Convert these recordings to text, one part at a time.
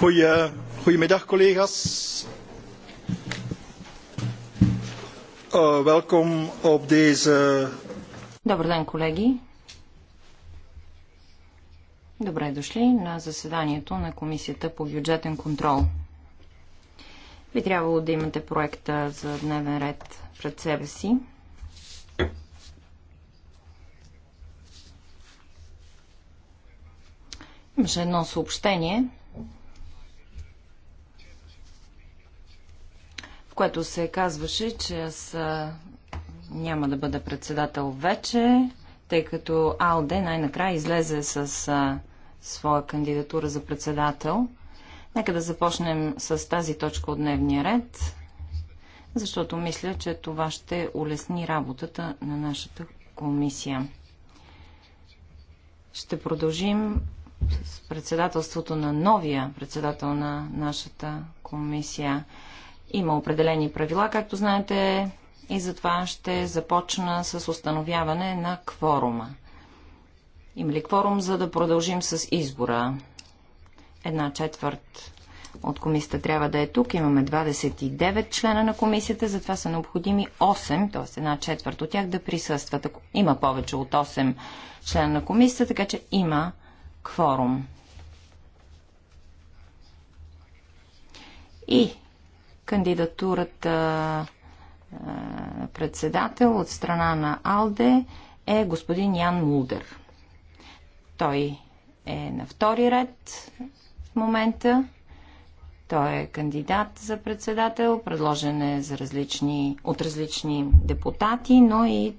Goedemiddag collega's. Eh, welkom op deze. Добър ден, колеги. Добре дошли на заседанието на Комисията по бюджетен контрол. Би трябвало да имате проекта за дневен ред пред себе си. Имаше едно съобщение – което се казваше, че аз няма да бъда председател вече, тъй като Алде най-накрая излезе с а, своя кандидатура за председател. Нека да започнем с тази точка от дневния ред, защото мисля, че това ще улесни работата на нашата комисия. Ще продължим с председателството на новия председател на нашата комисия. Има определени правила, както знаете, и затова ще започна с установяване на кворума. Има ли кворум, за да продължим с избора? Една четвърт от комисията трябва да е тук. Имаме 29 члена на комисията, затова са необходими 8, т.е. една четвърт от тях да присъстват. Има повече от 8 члена на комисията, така че има кворум. И кандидатурата председател от страна на АЛДЕ е господин Ян Мулдер. Той е на втори ред в момента. Той е кандидат за председател, предложен е за различни, от различни депутати, но и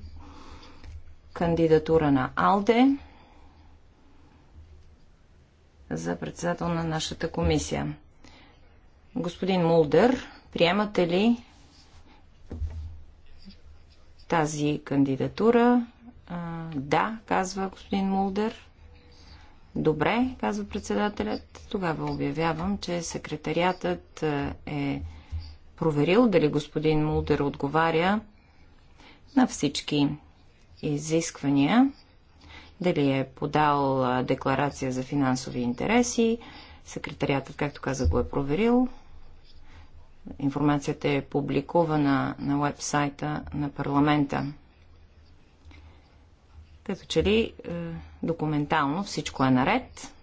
кандидатура на АЛДЕ за председател на нашата комисия. Господин Мулдер Приемате ли тази кандидатура? А, да, казва господин Мулдер. Добре, казва председателят. Тогава обявявам, че секретариатът е проверил дали господин Мулдер отговаря на всички изисквания, дали е подал декларация за финансови интереси. Секретариатът, както каза, го е проверил. Информацията е публикувана на вебсайта на парламента. Като че ли е, документално всичко е наред.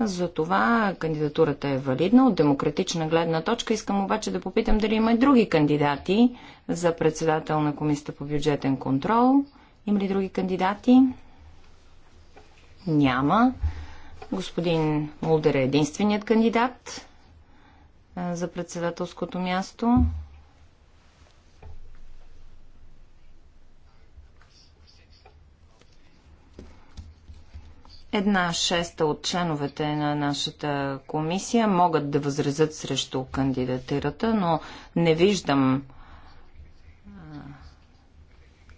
За това кандидатурата е валидна от демократична гледна точка. Искам обаче да попитам дали има и други кандидати за председател на Комисията по бюджетен контрол. Има ли други кандидати? Няма. Господин Мулдер е единственият кандидат за председателското място. Една шеста от членовете на нашата комисия могат да възразят срещу кандидатирата, но не виждам а,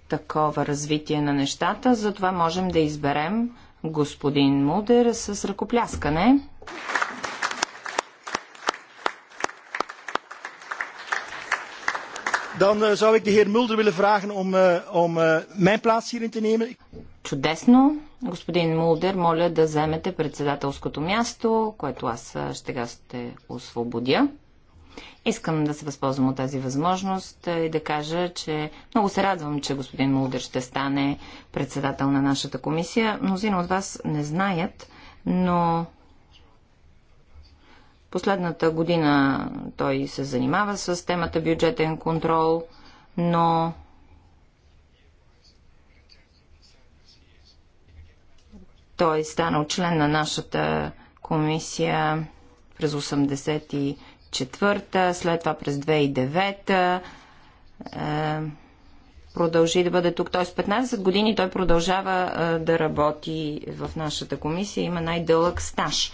такова развитие на нещата, затова можем да изберем господин Мудер с ръкопляскане. Dan uh, zou ik de heer Mulder willen vragen om, uh, om uh, mijn plaats hierin te nemen. Чудесно. Господин Мулдер, моля да вземете председателското място, което аз сега ще освободя. Искам да се възползвам от тази възможност и да кажа, че много се радвам, че господин Мулдер ще стане председател на нашата комисия. Мнозина от вас не знаят, но Последната година той се занимава с темата бюджетен контрол, но той станал член на нашата комисия през 84-та, след това през 2009-та. Е, продължи да бъде тук. Т.е. 15 години той продължава е, да работи в нашата комисия. Има най-дълъг стаж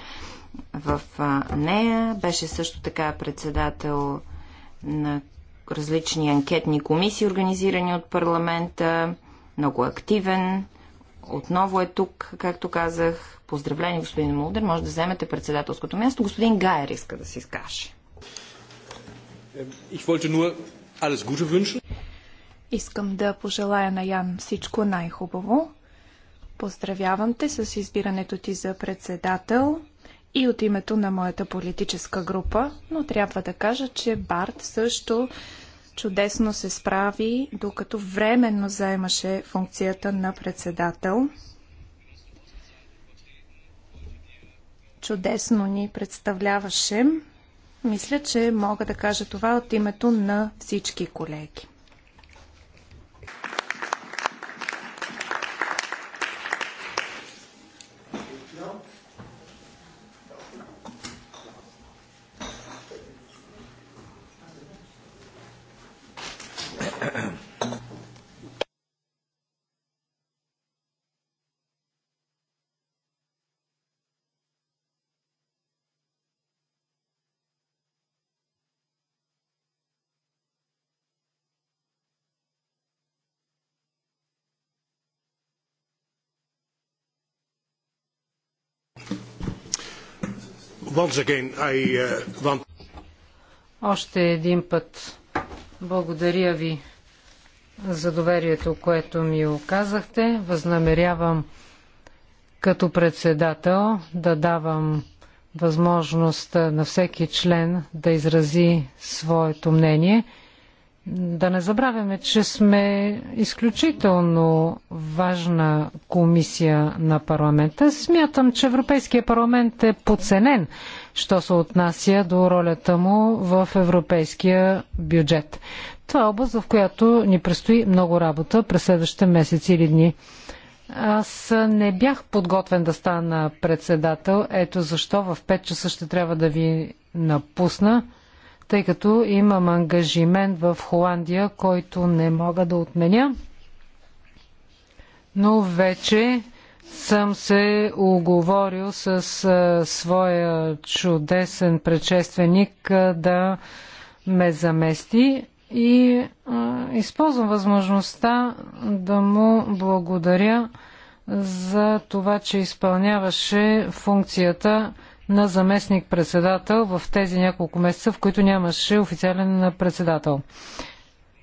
в нея. Беше също така председател на различни анкетни комисии, организирани от парламента. Много активен. Отново е тук, както казах. Поздравление, господин Мулдер. Може да вземете председателското място. Господин Гайер иска да се изкаже. Е, Искам да пожелая на Ян всичко най-хубаво. Поздравявам те с избирането ти за председател и от името на моята политическа група, но трябва да кажа, че Барт също чудесно се справи, докато временно заемаше функцията на председател. Чудесно ни представляваше. Мисля, че мога да кажа това от името на всички колеги. Uh, Още един път благодаря ви за доверието, което ми оказахте. Възнамерявам като председател да давам възможност на всеки член да изрази своето мнение. Да не забравяме, че сме изключително важна комисия на парламента. Смятам, че Европейския парламент е подценен, що се отнася до ролята му в европейския бюджет. Това е област, в която ни предстои много работа през следващите месеци или дни. Аз не бях подготвен да стана председател. Ето защо в 5 часа ще трябва да ви напусна тъй като имам ангажимент в Холандия, който не мога да отменя. Но вече съм се оговорил с а, своя чудесен предшественик а, да ме замести и а, използвам възможността да му благодаря за това, че изпълняваше функцията на заместник-председател в тези няколко месеца, в които нямаше официален председател.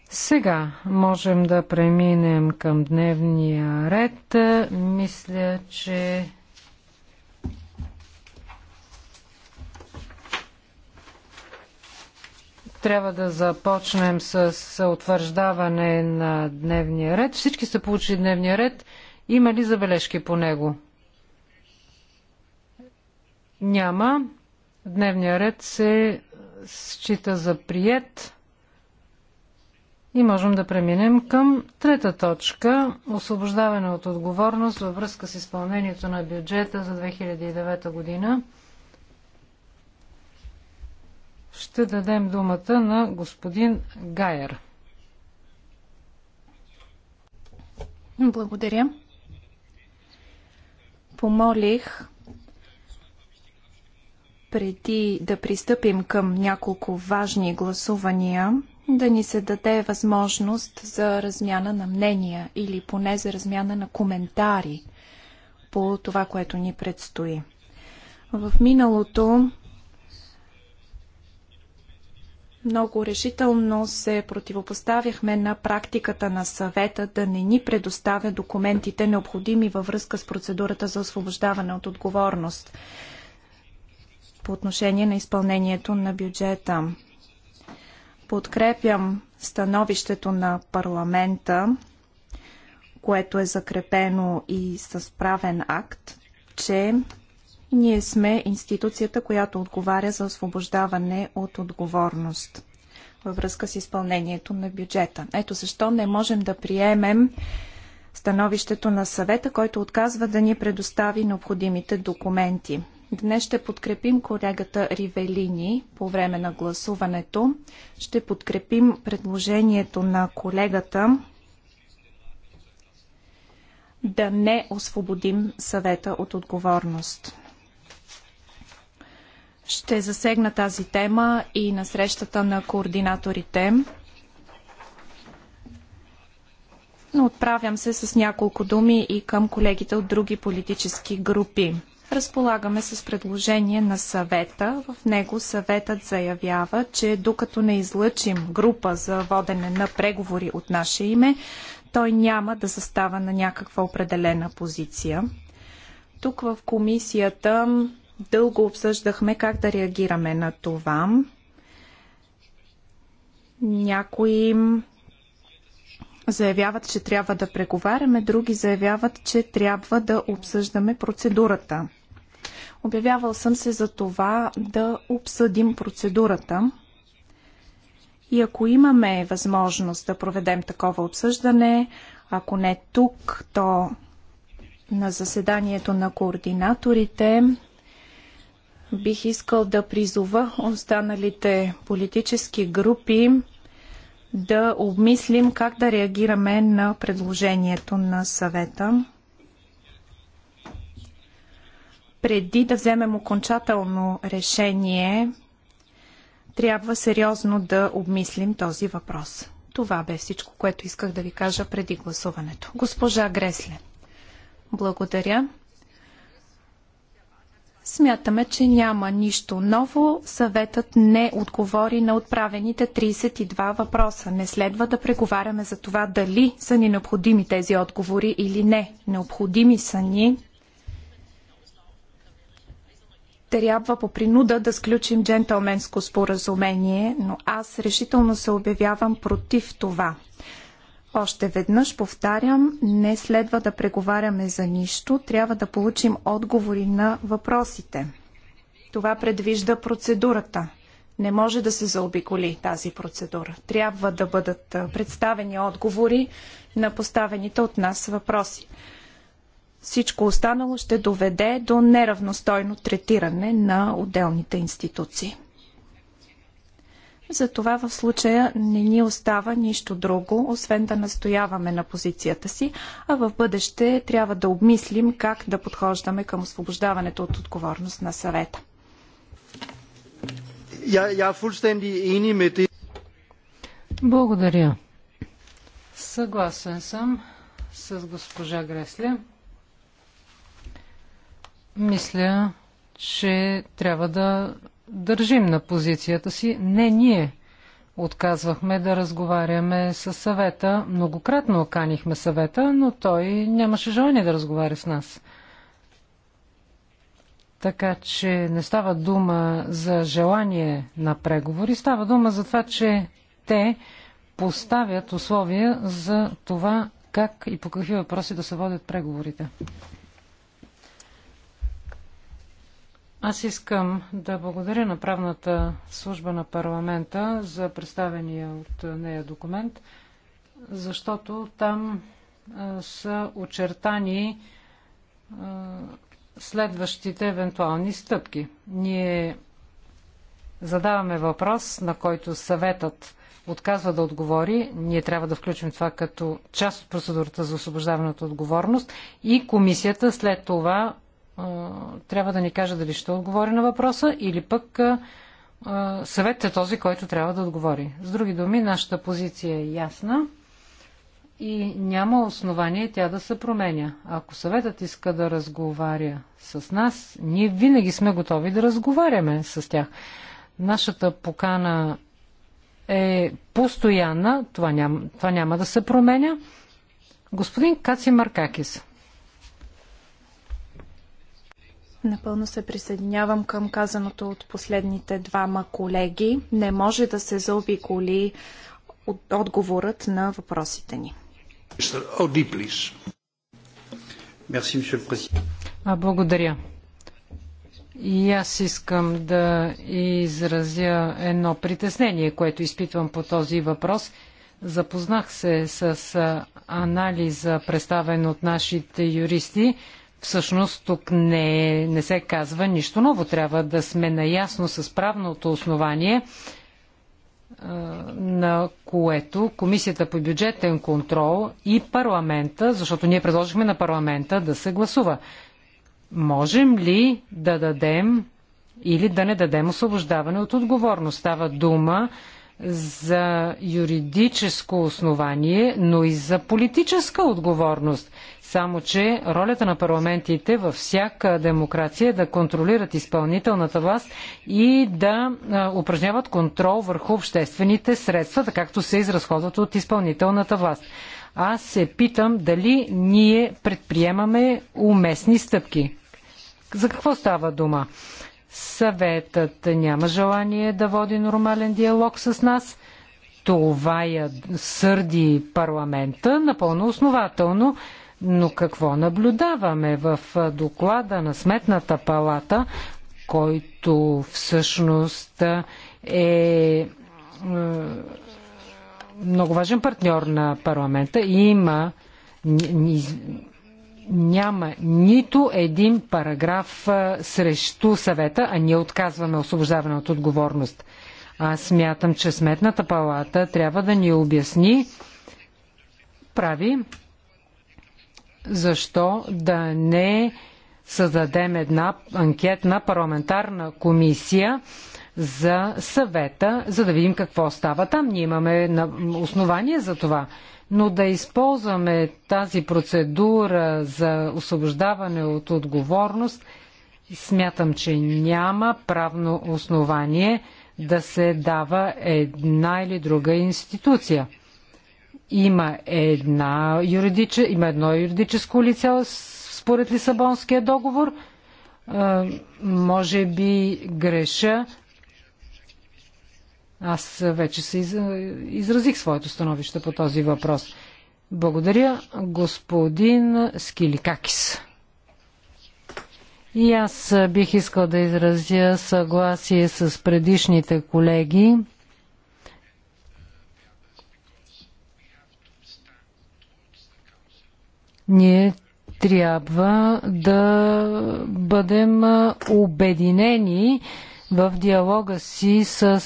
Сега можем да преминем към дневния ред. Мисля, че трябва да започнем с утвърждаване на дневния ред. Всички са получили дневния ред. Има ли забележки по него? Няма. Дневния ред се счита за прият. И можем да преминем към трета точка – освобождаване от отговорност във връзка с изпълнението на бюджета за 2009 година. Ще дадем думата на господин Гайер. Благодаря. Помолих преди да пристъпим към няколко важни гласувания, да ни се даде възможност за размяна на мнения или поне за размяна на коментари по това, което ни предстои. В миналото много решително се противопоставяхме на практиката на съвета да не ни предоставя документите необходими във връзка с процедурата за освобождаване от отговорност по отношение на изпълнението на бюджета. Подкрепям становището на парламента, което е закрепено и с правен акт, че ние сме институцията, която отговаря за освобождаване от отговорност във връзка с изпълнението на бюджета. Ето защо не можем да приемем становището на съвета, който отказва да ни предостави необходимите документи. Днес ще подкрепим колегата Ривелини по време на гласуването. Ще подкрепим предложението на колегата да не освободим съвета от отговорност. Ще засегна тази тема и на срещата на координаторите. Но отправям се с няколко думи и към колегите от други политически групи разполагаме с предложение на съвета. В него съветът заявява, че докато не излъчим група за водене на преговори от наше име, той няма да застава на някаква определена позиция. Тук в комисията дълго обсъждахме как да реагираме на това. Някои заявяват, че трябва да преговаряме, други заявяват, че трябва да обсъждаме процедурата. Обявявал съм се за това да обсъдим процедурата. И ако имаме възможност да проведем такова обсъждане, ако не тук, то на заседанието на координаторите, бих искал да призова останалите политически групи да обмислим как да реагираме на предложението на съвета. Преди да вземем окончателно решение, трябва сериозно да обмислим този въпрос. Това бе всичко, което исках да ви кажа преди гласуването. Госпожа Гресле, благодаря. Смятаме, че няма нищо ново. Съветът не отговори на отправените 32 въпроса. Не следва да преговаряме за това дали са ни необходими тези отговори или не. Необходими са ни. Трябва по принуда да сключим джентълменско споразумение, но аз решително се обявявам против това. Още веднъж повтарям, не следва да преговаряме за нищо, трябва да получим отговори на въпросите. Това предвижда процедурата. Не може да се заобиколи тази процедура. Трябва да бъдат представени отговори на поставените от нас въпроси. Всичко останало ще доведе до неравностойно третиране на отделните институции. Затова в случая не ни остава нищо друго, освен да настояваме на позицията си, а в бъдеще трябва да обмислим как да подхождаме към освобождаването от отговорност на съвета. Благодаря. Съгласен съм с госпожа Гресле. Мисля, че трябва да държим на позицията си. Не ние отказвахме да разговаряме с съвета. Многократно оканихме съвета, но той нямаше желание да разговаря с нас. Така че не става дума за желание на преговори, става дума за това, че те поставят условия за това как и по какви въпроси да се водят преговорите. Аз искам да благодаря на правната служба на парламента за представения от нея документ, защото там а, са очертани а, следващите евентуални стъпки. Ние задаваме въпрос, на който съветът отказва да отговори. Ние трябва да включим това като част от процедурата за освобождаването отговорност и комисията след това трябва да ни каже дали ще отговори на въпроса или пък съветът е този, който трябва да отговори. С други думи, нашата позиция е ясна и няма основание тя да се променя. Ако съветът иска да разговаря с нас, ние винаги сме готови да разговаряме с тях. Нашата покана е постоянна, това няма, това няма да се променя. Господин Каци Маркакис. Напълно се присъединявам към казаното от последните двама колеги. Не може да се заобиколи от отговорът на въпросите ни. Благодаря. И аз искам да изразя едно притеснение, което изпитвам по този въпрос. Запознах се с анализа, представен от нашите юристи Всъщност тук не, не се казва нищо ново. Трябва да сме наясно с правното основание, на което Комисията по бюджетен контрол и парламента, защото ние предложихме на парламента да се гласува. Можем ли да дадем или да не дадем освобождаване от отговорност? Става дума за юридическо основание, но и за политическа отговорност. Само, че ролята на парламентите във всяка демокрация е да контролират изпълнителната власт и да упражняват контрол върху обществените средства, така както се изразходват от изпълнителната власт. Аз се питам дали ние предприемаме уместни стъпки. За какво става дума? Съветът няма желание да води нормален диалог с нас. Това я сърди парламента напълно основателно. Но какво наблюдаваме в доклада на Сметната палата, който всъщност е много важен партньор на парламента и има няма нито един параграф срещу съвета, а ние отказваме освобождаване от отговорност. Аз смятам, че Сметната палата трябва да ни обясни прави защо да не създадем една анкетна парламентарна комисия за съвета, за да видим какво става там. Ние имаме основание за това. Но да използваме тази процедура за освобождаване от отговорност, смятам, че няма правно основание да се дава една или друга институция. Има, една юридич... Има едно юридическо лице според Лисабонския договор. Може би греша. Аз вече се из... изразих своето становище по този въпрос. Благодаря, господин Скиликакис. И аз бих искал да изразя съгласие с предишните колеги. Ние трябва да бъдем обединени в диалога си с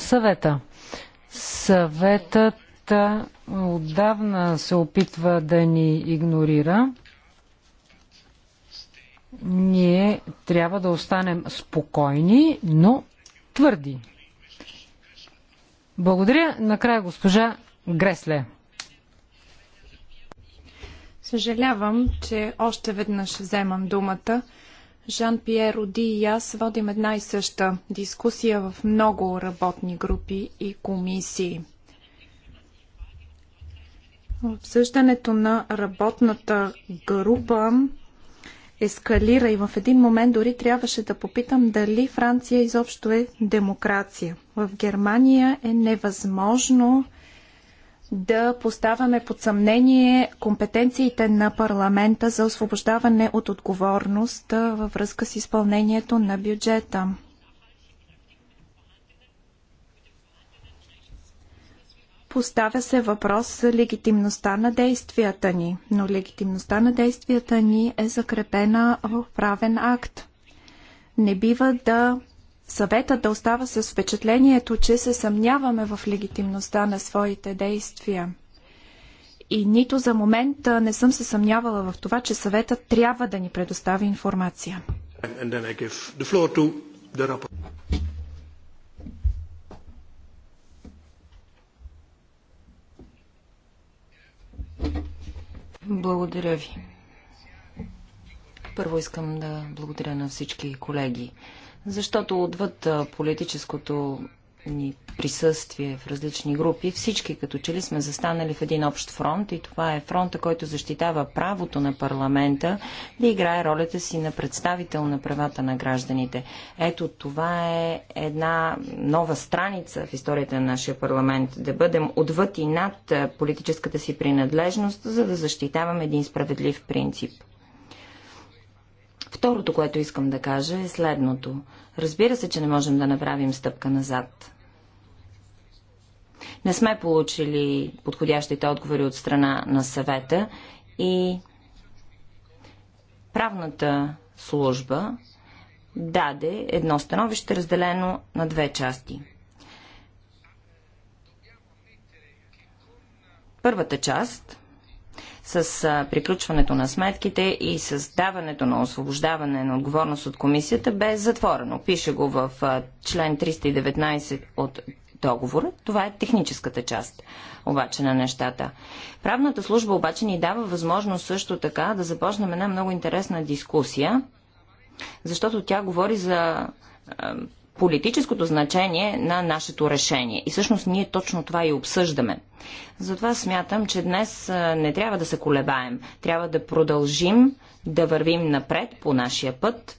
съвета. Съветът отдавна се опитва да ни игнорира. Ние трябва да останем спокойни, но твърди. Благодаря. Накрая госпожа Гресле. Съжалявам, че още веднъж вземам думата. Жан-Пьер Оди и аз водим една и съща дискусия в много работни групи и комисии. Обсъждането на работната група ескалира и в един момент дори трябваше да попитам дали Франция изобщо е демокрация. В Германия е невъзможно да поставяме под съмнение компетенциите на парламента за освобождаване от отговорност във връзка с изпълнението на бюджета. Поставя се въпрос за легитимността на действията ни, но легитимността на действията ни е закрепена в правен акт. Не бива да съветът да остава с впечатлението, че се съмняваме в легитимността на своите действия. И нито за момент не съм се съмнявала в това, че съветът трябва да ни предостави информация. Благодаря ви. Първо искам да благодаря на всички колеги защото отвъд политическото ни присъствие в различни групи, всички като че ли сме застанали в един общ фронт и това е фронта, който защитава правото на парламента да играе ролята си на представител на правата на гражданите. Ето това е една нова страница в историята на нашия парламент, да бъдем отвъд и над политическата си принадлежност, за да защитаваме един справедлив принцип. Второто, което искам да кажа е следното. Разбира се, че не можем да направим стъпка назад. Не сме получили подходящите отговори от страна на съвета и правната служба даде едно становище, разделено на две части. Първата част с приключването на сметките и с даването на освобождаване на отговорност от комисията бе затворено. Пише го в член 319 от договора. Това е техническата част обаче на нещата. Правната служба обаче ни дава възможност също така да започнем една много интересна дискусия, защото тя говори за политическото значение на нашето решение. И всъщност ние точно това и обсъждаме. Затова смятам, че днес не трябва да се колебаем. Трябва да продължим да вървим напред по нашия път,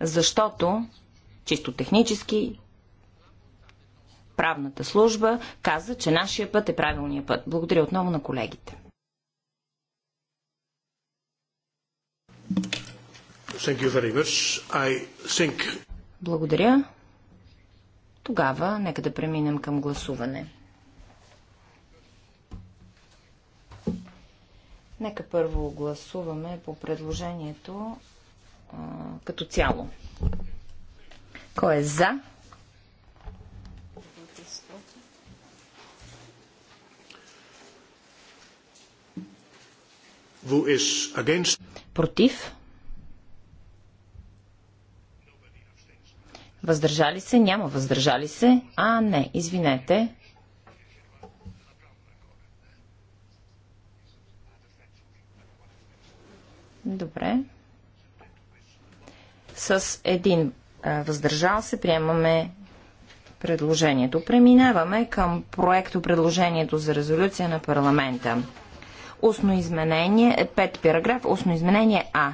защото чисто технически правната служба каза, че нашия път е правилния път. Благодаря отново на колегите. Think... Благодаря. Тогава нека да преминем към гласуване. Нека първо гласуваме по предложението а, като цяло. Кой е за? Против? Въздържали се? Няма въздържали се. А, не, извинете. Добре. С един въздържал се приемаме предложението. Преминаваме към проекто предложението за резолюция на парламента. Устно изменение, е пет параграф, устно изменение А.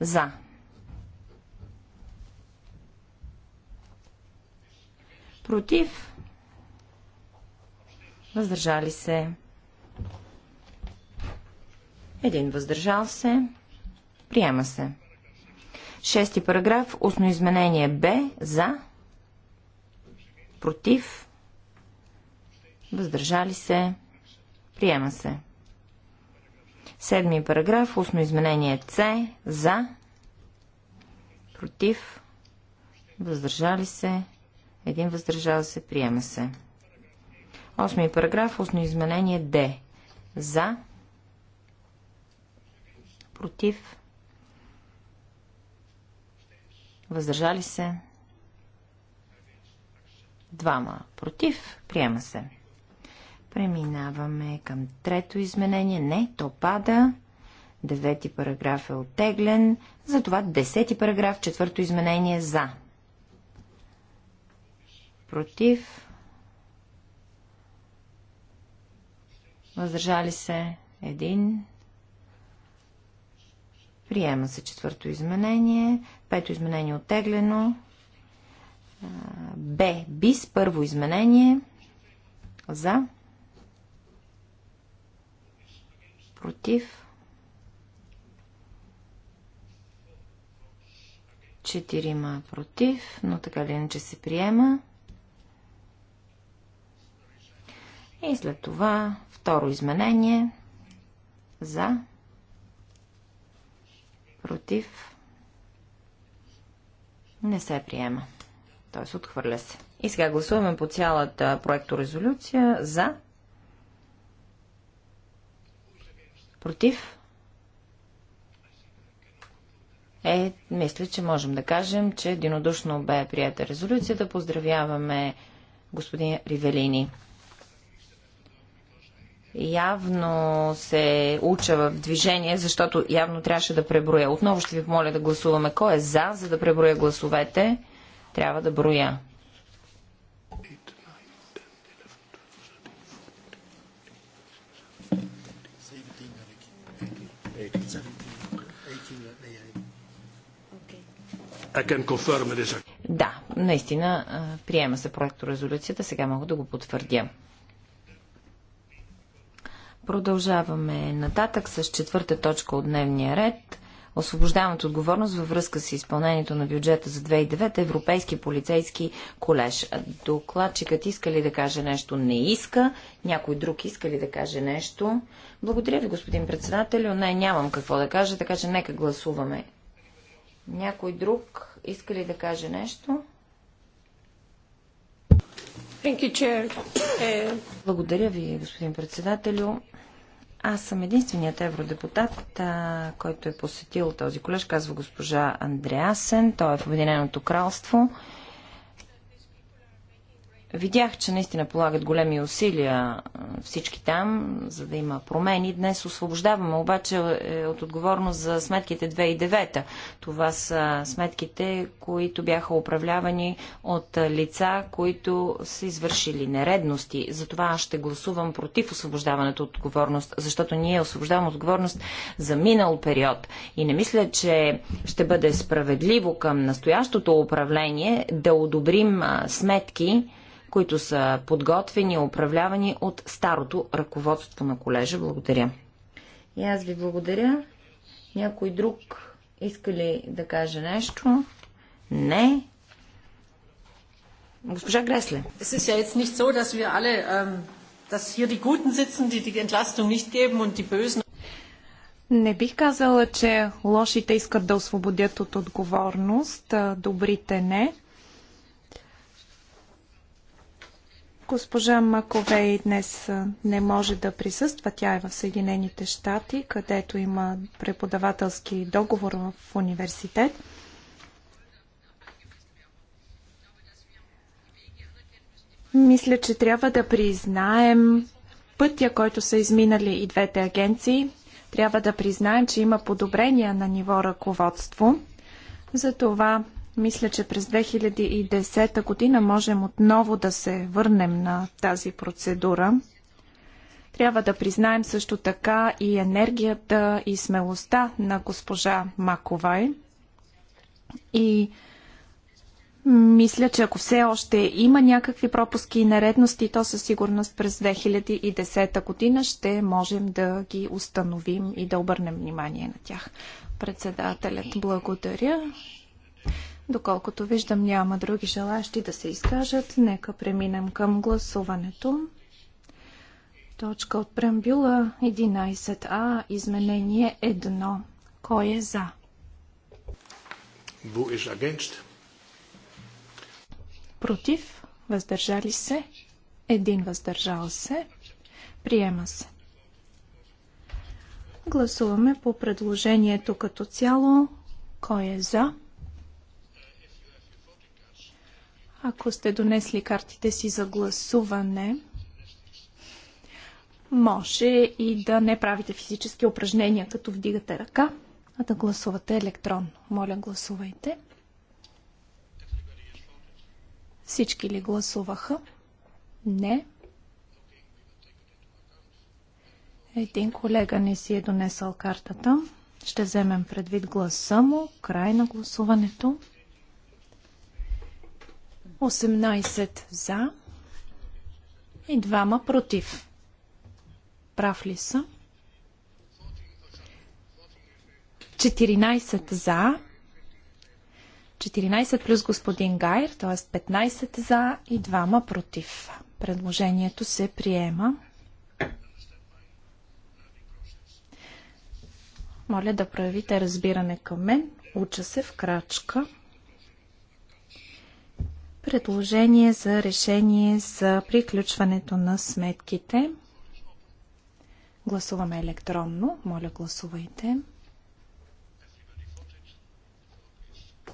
За. Против. Въздържали се. Един въздържал се. Приема се. Шести параграф. Устно изменение Б. За. Против. Въздържали се. Приема се. Седми параграф. Устно изменение С. За. Против. Въздържали се един въздържал се, приема се. Осми параграф, устно изменение Д. За, против, въздържали се, двама против, приема се. Преминаваме към трето изменение. Не, то пада. Девети параграф е оттеглен. Затова десети параграф, четвърто изменение за против, въздържали се един. Приема се четвърто изменение. Пето изменение е оттеглено. Б. Бис. Първо изменение. За. Против. 4 против, но така ли иначе се приема. И след това второ изменение за, против, не се приема. Т.е. отхвърля се. И сега гласуваме по цялата проекторезолюция за, против, е, мисля, че можем да кажем, че единодушно бе прията резолюцията. Поздравяваме господин Ривелини. Явно се уча в движение, защото явно трябваше да преброя. Отново ще ви помоля да гласуваме. Кой е за, за да преброя гласовете? Трябва да броя. Да, наистина приема се проекто резолюцията, сега мога да го потвърдя. Продължаваме нататък с четвърта точка от дневния ред. Освобождавам от отговорност във връзка с изпълнението на бюджета за 2009 Европейски полицейски колеж. Докладчикът иска ли да каже нещо? Не иска. Някой друг иска ли да каже нещо? Благодаря ви, господин председател. Не, нямам какво да кажа, така че нека гласуваме. Някой друг иска ли да каже нещо? Благодаря ви, господин председателю. Аз съм единственият евродепутат, а, който е посетил този колеж, казва госпожа Андреасен. Той е в Обединеното кралство. Видях, че наистина полагат големи усилия всички там, за да има промени. Днес освобождаваме обаче е, от отговорност за сметките 2009. Това са сметките, които бяха управлявани от лица, които са извършили нередности. Затова аз ще гласувам против освобождаването от отговорност, защото ние освобождаваме отговорност за минал период. И не мисля, че ще бъде справедливо към настоящото управление да одобрим сметки, които са подготвени и управлявани от старото ръководство на колежа. Благодаря. И аз ви благодаря. Някой друг иска ли да каже нещо? Не. Госпожа Гресле. Es ist ja jetzt nicht so, dass wir alle, ähm, dass hier die Guten sitzen, die die Entlastung nicht geben und die Bösen. Не бих казала, че лошите искат да освободят от отговорност, добрите не. Госпожа Маковей днес не може да присъства. Тя е в Съединените щати, където има преподавателски договор в университет. Мисля, че трябва да признаем пътя, който са изминали и двете агенции. Трябва да признаем, че има подобрения на ниво ръководство. Затова мисля, че през 2010 година можем отново да се върнем на тази процедура. Трябва да признаем също така и енергията и смелостта на госпожа Маковай. И мисля, че ако все още има някакви пропуски и нередности, то със сигурност през 2010 година ще можем да ги установим и да обърнем внимание на тях. Председателят, благодаря. Доколкото виждам, няма други желащи да се изкажат. Нека преминем към гласуването. Точка от преамбюла 11а, изменение 1. Кой е за? Против? Въздържали се? Един въздържал се. Приема се. Гласуваме по предложението като цяло. Кой е за? Ако сте донесли картите си за гласуване, може и да не правите физически упражнения, като вдигате ръка, а да гласувате електронно. Моля, гласувайте. Всички ли гласуваха? Не. Един колега не си е донесъл картата. Ще вземем предвид гласа му. Край на гласуването. 18 за и двама против. Прав ли са? 14 за, 14 плюс господин Гайер, т.е. 15 за и 2 против. Предложението се приема. Моля да проявите разбиране към мен. Уча се в крачка предложение за решение за приключването на сметките. Гласуваме електронно. Моля, гласувайте.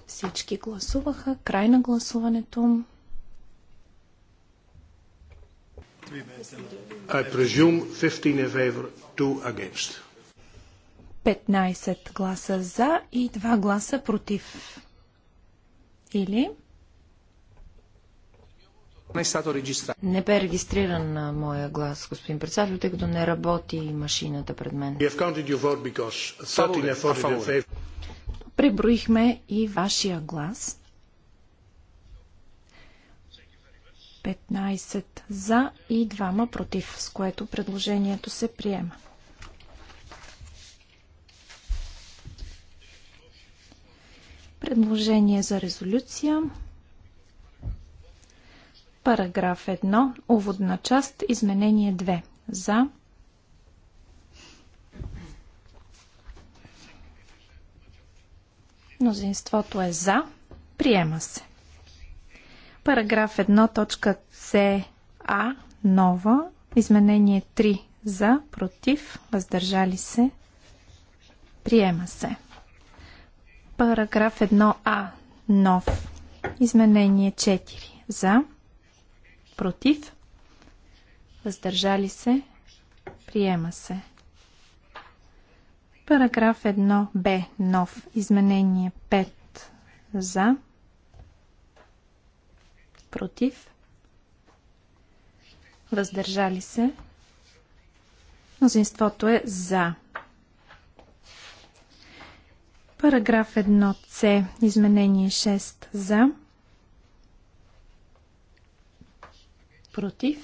Всички гласуваха. Край на гласуването. I presume 15 favor, 2 against. 15 гласа за и 2 гласа против. Или не бе регистриран моя глас, господин председател, тъй като не работи машината пред мен. Преброихме и вашия глас. 15 за и 2 против, с което предложението се приема. Предложение за резолюция. Параграф 1. Уводна част. Изменение 2. За. Мнозинството е за. Приема се. Параграф 1. Точка А. Нова. Изменение 3. За. Против. Въздържали се. Приема се. Параграф 1А. Нов. Изменение 4. За. Против. Въздържали се. Приема се. Параграф 1 Б. Нов. Изменение 5. За. Против. Въздържали се. Мнозинството е за. Параграф 1 С. Изменение 6. За. Против.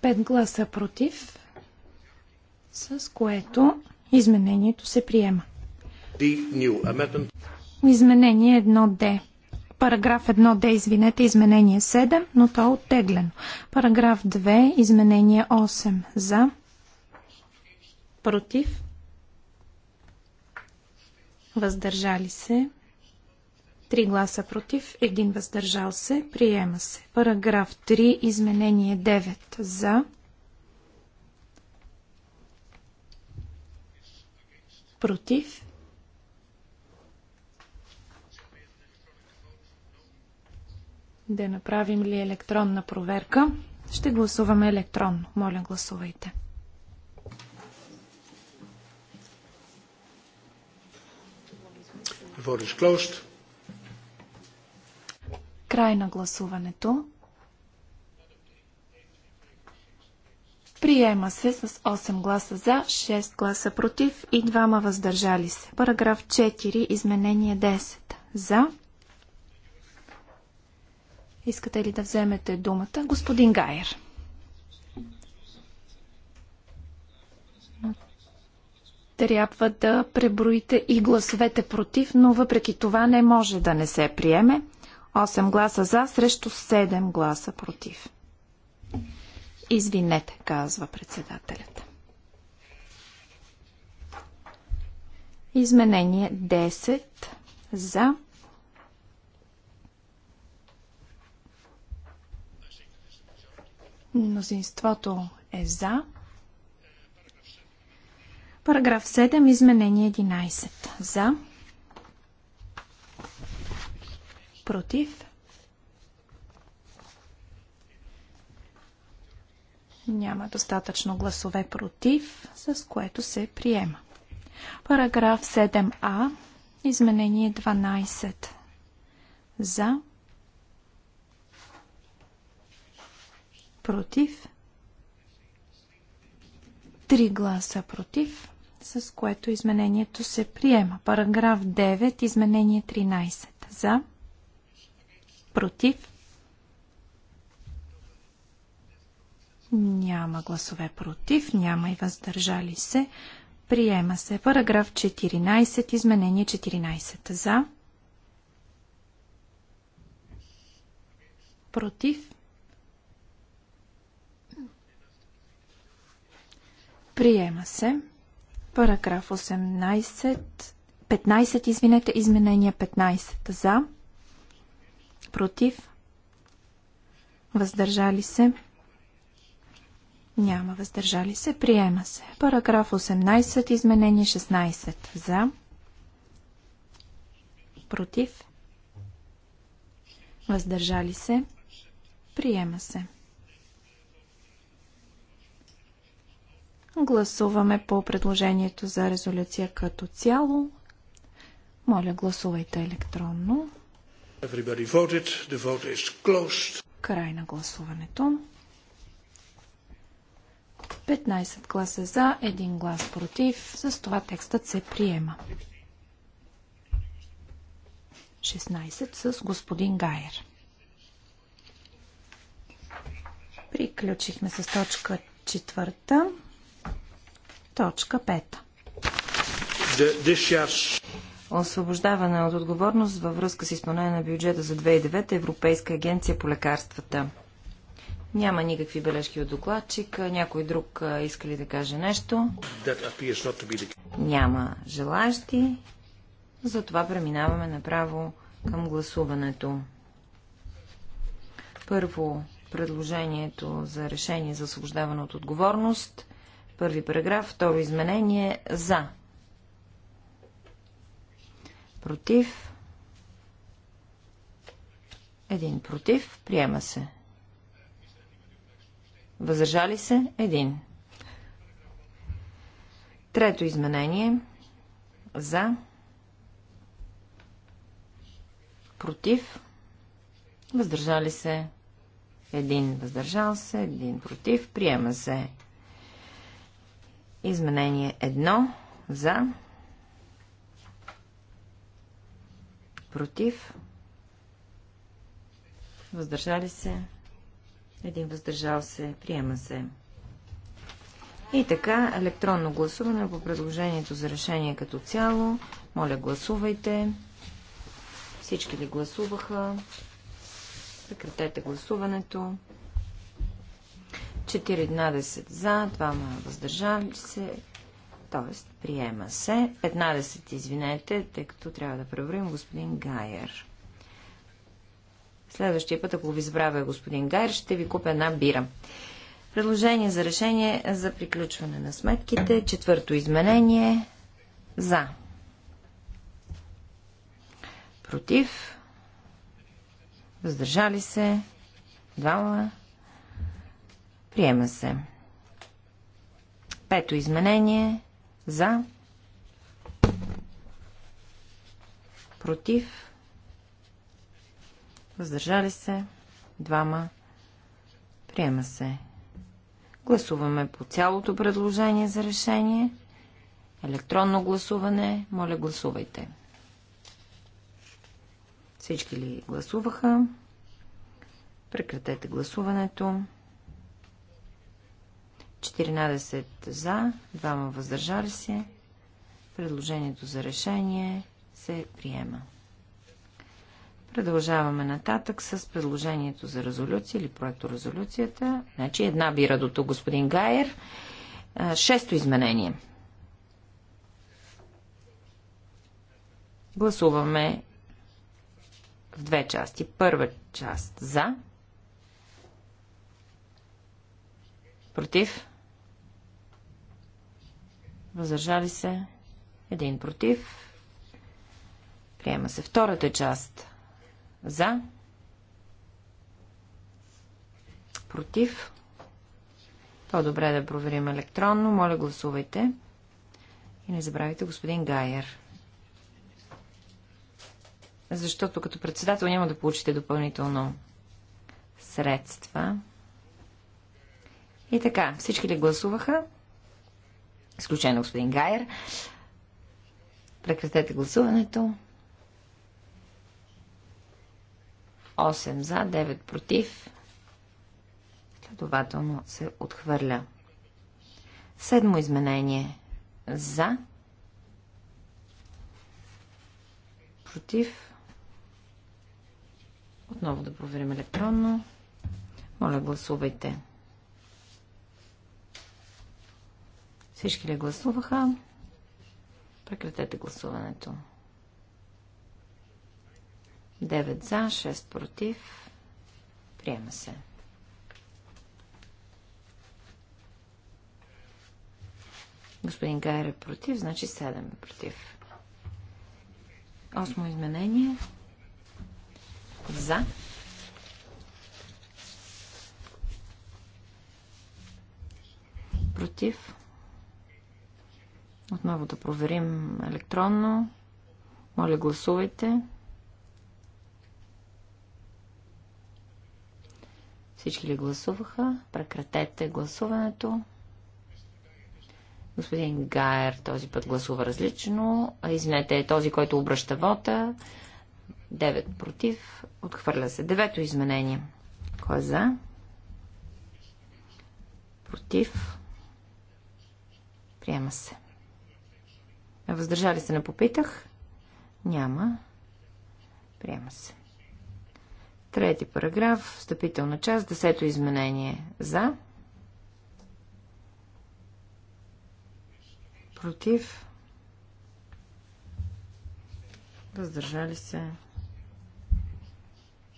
Пет гласа против, с което изменението се приема. Изменение 1D. Параграф 1D, извинете, изменение 7, но то е оттеглено. Параграф 2, изменение 8. За. Против. Въздържали се. 3 гласа против, 1 въздържал се, приема се. Параграф 3, изменение 9 за, против, да направим ли електронна проверка. Ще гласуваме електронно. Моля, гласувайте. vote is closed. Край на гласуването. Приема се с 8 гласа за, 6 гласа против и 2 въздържали се. Параграф 4, изменение 10. За. Искате ли да вземете думата? Господин Гайер. Трябва да преброите и гласовете против, но въпреки това не може да не се приеме. 8 гласа за срещу 7 гласа против. Извинете, казва председателят. Изменение 10 за Мнозинството е за. Параграф 7, изменение 11. За. Против? Няма достатъчно гласове против, с което се приема. Параграф 7а. Изменение 12. За. Против. Три гласа против, с което изменението се приема. Параграф 9. Изменение 13. За. Против? Няма гласове против, няма и въздържали се. Приема се параграф 14, изменение 14 за. Против. Приема се параграф 18, 15, извинете, изменение 15 за. Против? Въздържали се? Няма въздържали се. Приема се. Параграф 18, изменение 16. За. Против. Въздържали се. Приема се. Гласуваме по предложението за резолюция като цяло. Моля, гласувайте електронно. Край на гласуването. 15 гласа за, 1 глас против. С това текстът се приема. 16 с господин Гайер. Приключихме с точка 4. Точка 5 освобождаване от отговорност във връзка с изпълнение на бюджета за 2009 Европейска агенция по лекарствата. Няма никакви бележки от докладчика. Някой друг иска ли да каже нещо? The... Няма желащи. Затова преминаваме направо към гласуването. Първо предложението за решение за освобождаване от отговорност. Първи параграф, второ изменение за против, един против, приема се. Въздържали се, един. Трето изменение, за, против, въздържали се, един въздържал се, един против, приема се. Изменение едно, за, против, въздържали се, един въздържал се, приема се. И така, електронно гласуване по предложението за решение като цяло. Моля, гласувайте. Всички ли гласуваха? Прекратете гласуването. 14 за, 2 въздържали се, т.е. приема се. 15, извинете, тъй като трябва да преброим господин Гайер. Следващия път, ако ви забравя господин Гайер, ще ви купя една бира. Предложение за решение за приключване на сметките. Четвърто изменение. За. Против. Въздържали се. Двама. Приема се. Пето изменение. За. Против. Въздържали се. Двама. Приема се. Гласуваме по цялото предложение за решение. Електронно гласуване. Моля, гласувайте. Всички ли гласуваха? Прекратете гласуването. 14 за, 2 въздържали се. Предложението за решение се приема. Продължаваме нататък с предложението за резолюция или проекторезолюцията. Значи една бира до тук, господин Гайер. Шесто изменение. Гласуваме в две части. Първа част за. Против. Въздържали се. Един против. Приема се втората част. За. Против. По-добре да проверим електронно. Моля, гласувайте. И не забравяйте господин Гайер. Защото като председател няма да получите допълнително средства. И така, всички ли гласуваха? изключение на господин Гайер. Прекратете гласуването. 8 за, 9 против. Следователно се отхвърля. Седмо изменение. За. Против. Отново да проверим електронно. Моля, гласувайте. Всички ли гласуваха? Прекратете гласуването. 9 за, 6 против. Приема се. Господин Гайер е против, значи 7 е против. Осмо изменение. За. Против. Против. Отново да проверим електронно. Моля, гласувайте. Всички ли гласуваха? Прекратете гласуването. Господин Гайер този път гласува различно. Извинете, е този, който обръща вота. 9 против. Отхвърля се. Девето изменение. Кой е за? Против. Приема се. Въздържали се не попитах. Няма. Приема се. Трети параграф, встъпителна част, десето изменение за. Против. Въздържали се.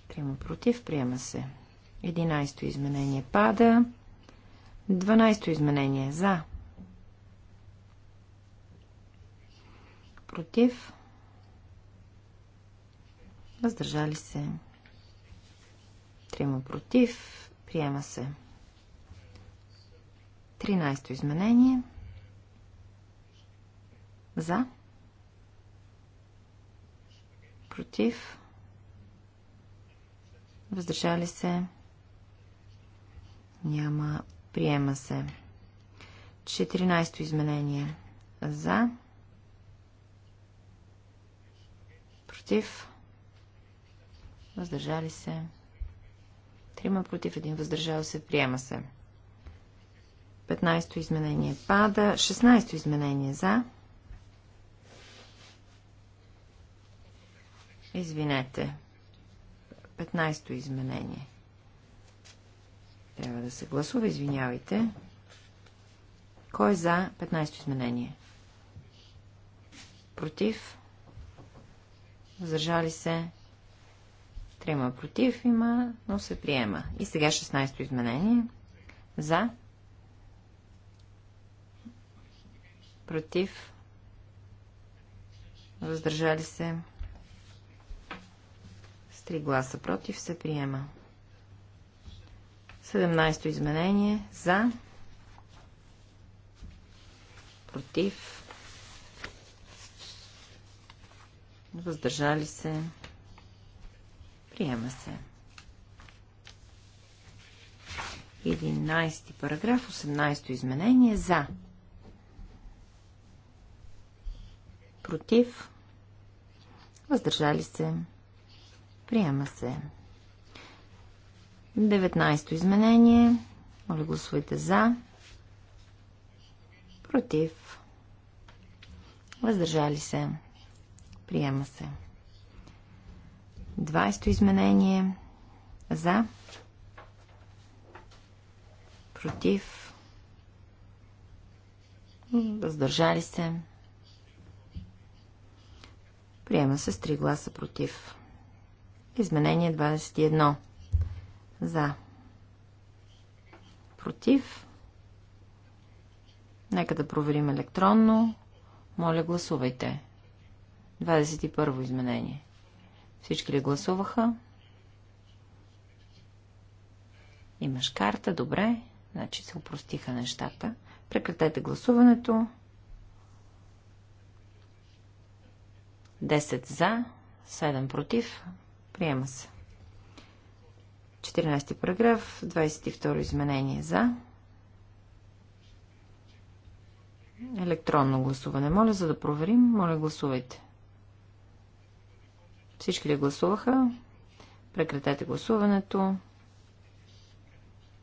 Трима против. Приема се. Единайсто изменение пада. Дванайсто изменение за. против, въздържали се, трима против, приема се. 13-то изменение. За. Против. Въздържали се. Няма. Приема се. 14-то изменение. За. против, въздържали се. Трима против, един въздържал се, приема се. 15-то изменение пада. 16-то изменение за. Извинете. 15-то изменение. Трябва да се гласува, извинявайте. Кой е за 15-то изменение? Против? въздържали се, трима против има, но се приема. И сега 16-то изменение. За, против, въздържали се, с три гласа против се приема. 17-то изменение. За, против, въздържали се, приема се. 11 параграф, 18 изменение за. Против. Въздържали се. Приема се. 19 изменение. Моля гласувайте за. Против. Въздържали се. Приема се. 20-то изменение. За. Против. Въздържали се. Приема се с 3 гласа против. Изменение 21. За. Против. Нека да проверим електронно. Моля, гласувайте. 21 изменение. Всички ли гласуваха? Имаш карта, добре. Значи се упростиха нещата. Прекратете гласуването. 10 за, 7 против. Приема се. 14 параграф, 22 изменение за. Електронно гласуване. Моля, за да проверим, моля гласувайте. Всички ли гласуваха? Прекратете гласуването.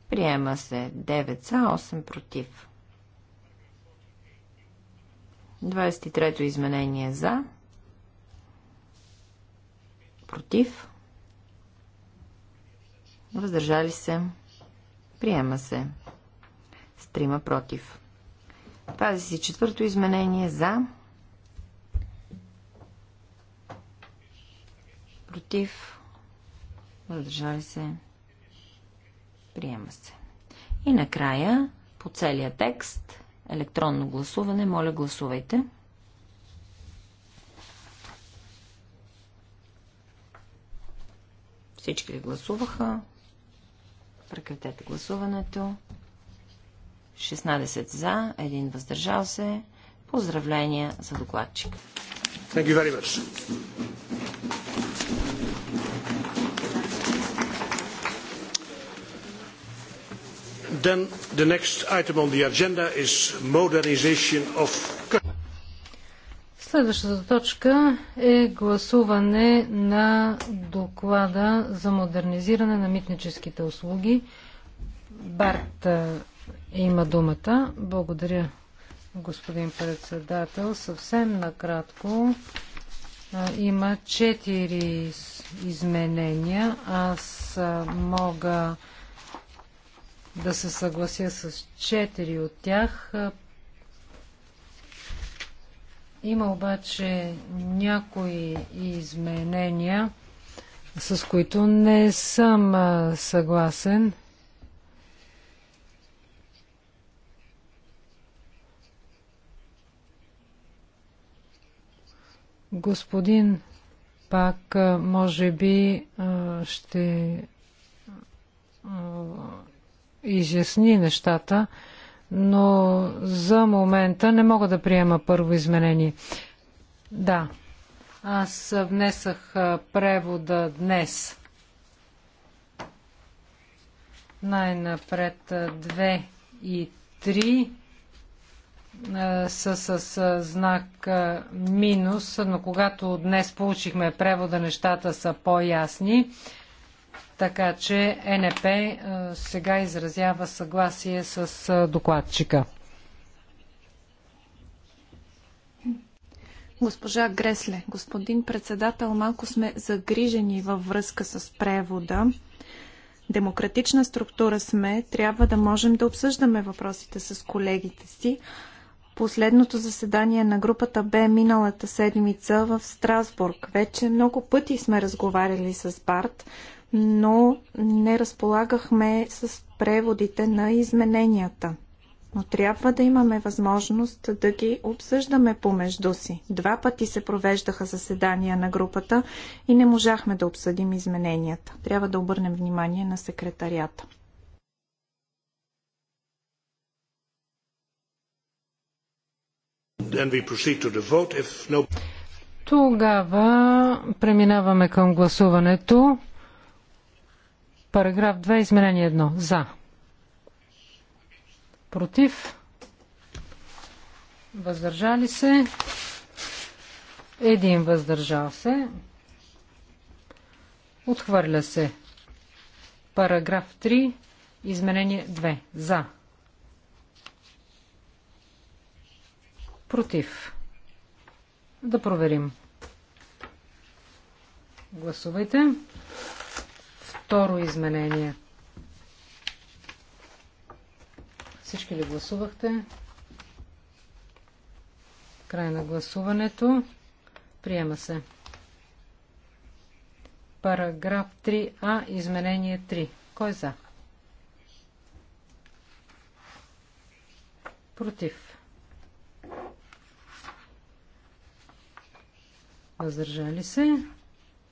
Приема се 9 за, 8 против. 23-то изменение за. Против. Въздържали се. Приема се. С 3 против. 24-то изменение за. против, въздържали се, приема се. И накрая, по целия текст, електронно гласуване, моля гласувайте. Всички ли гласуваха? Прекратете гласуването. 16 за, 1 въздържал се. Поздравления за докладчик. Thank you very much. then the next item on the agenda is modernization of Следващата точка е гласуване на доклада за модернизиране на митническите услуги. Барт е, има думата. Благодаря, господин председател. Съвсем накратко е, има четири изменения. Аз е, мога да се съглася с четири от тях. Има обаче някои изменения, с които не съм съгласен. Господин пак може би ще изясни нещата, но за момента не мога да приема първо изменение. Да, аз внесах превода днес. Най-напред 2 и 3 са с знак минус, но когато днес получихме превода, нещата са по-ясни. Така че НП е, сега изразява съгласие с е, докладчика. Госпожа Гресле, господин председател, малко сме загрижени във връзка с превода. Демократична структура сме, трябва да можем да обсъждаме въпросите с колегите си. Последното заседание на групата бе миналата седмица в Страсбург. Вече много пъти сме разговаряли с Барт но не разполагахме с преводите на измененията. Но трябва да имаме възможност да ги обсъждаме помежду си. Два пъти се провеждаха заседания на групата и не можахме да обсъдим измененията. Трябва да обърнем внимание на секретарията. Тогава преминаваме към гласуването. Параграф 2, изменение 1. За. Против. Въздържали се. Един въздържал се. Отхвърля се. Параграф 3, изменение 2. За. Против. Да проверим. Гласувайте. Второ изменение. Всички ли гласувахте? Край на гласуването. Приема се. Параграф 3а, изменение 3. Кой е за? Против. Въздържали се.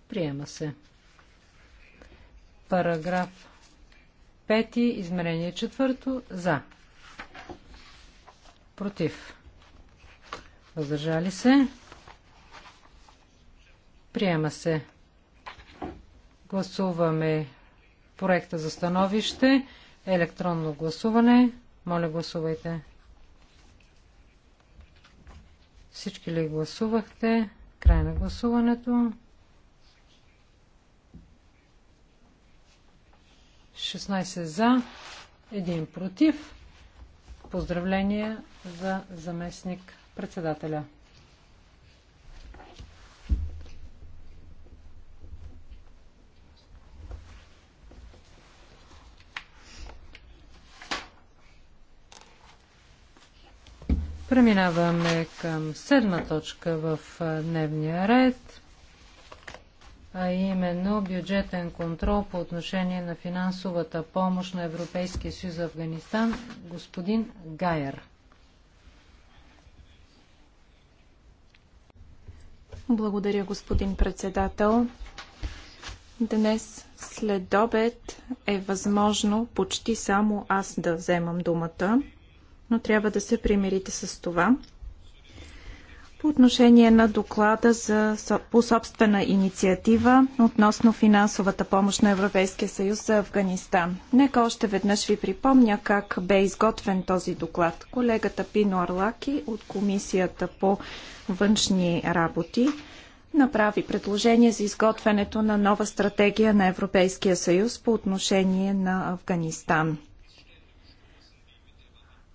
Приема се. Параграф 5, измерение 4, за. Против. Въздържали се. Приема се. Гласуваме проекта за становище. Електронно гласуване. Моля, гласувайте. Всички ли гласувахте? Край на гласуването. 16 за, 1 против. Поздравления за заместник председателя. Преминаваме към седма точка в дневния ред а именно бюджетен контрол по отношение на финансовата помощ на Европейския съюз за Афганистан, господин Гайер. Благодаря, господин председател. Днес след обед е възможно почти само аз да вземам думата, но трябва да се примирите с това, по отношение на доклада за, по собствена инициатива относно финансовата помощ на Европейския съюз за Афганистан. Нека още веднъж ви припомня как бе изготвен този доклад. Колегата Пино Арлаки от Комисията по външни работи направи предложение за изготвянето на нова стратегия на Европейския съюз по отношение на Афганистан.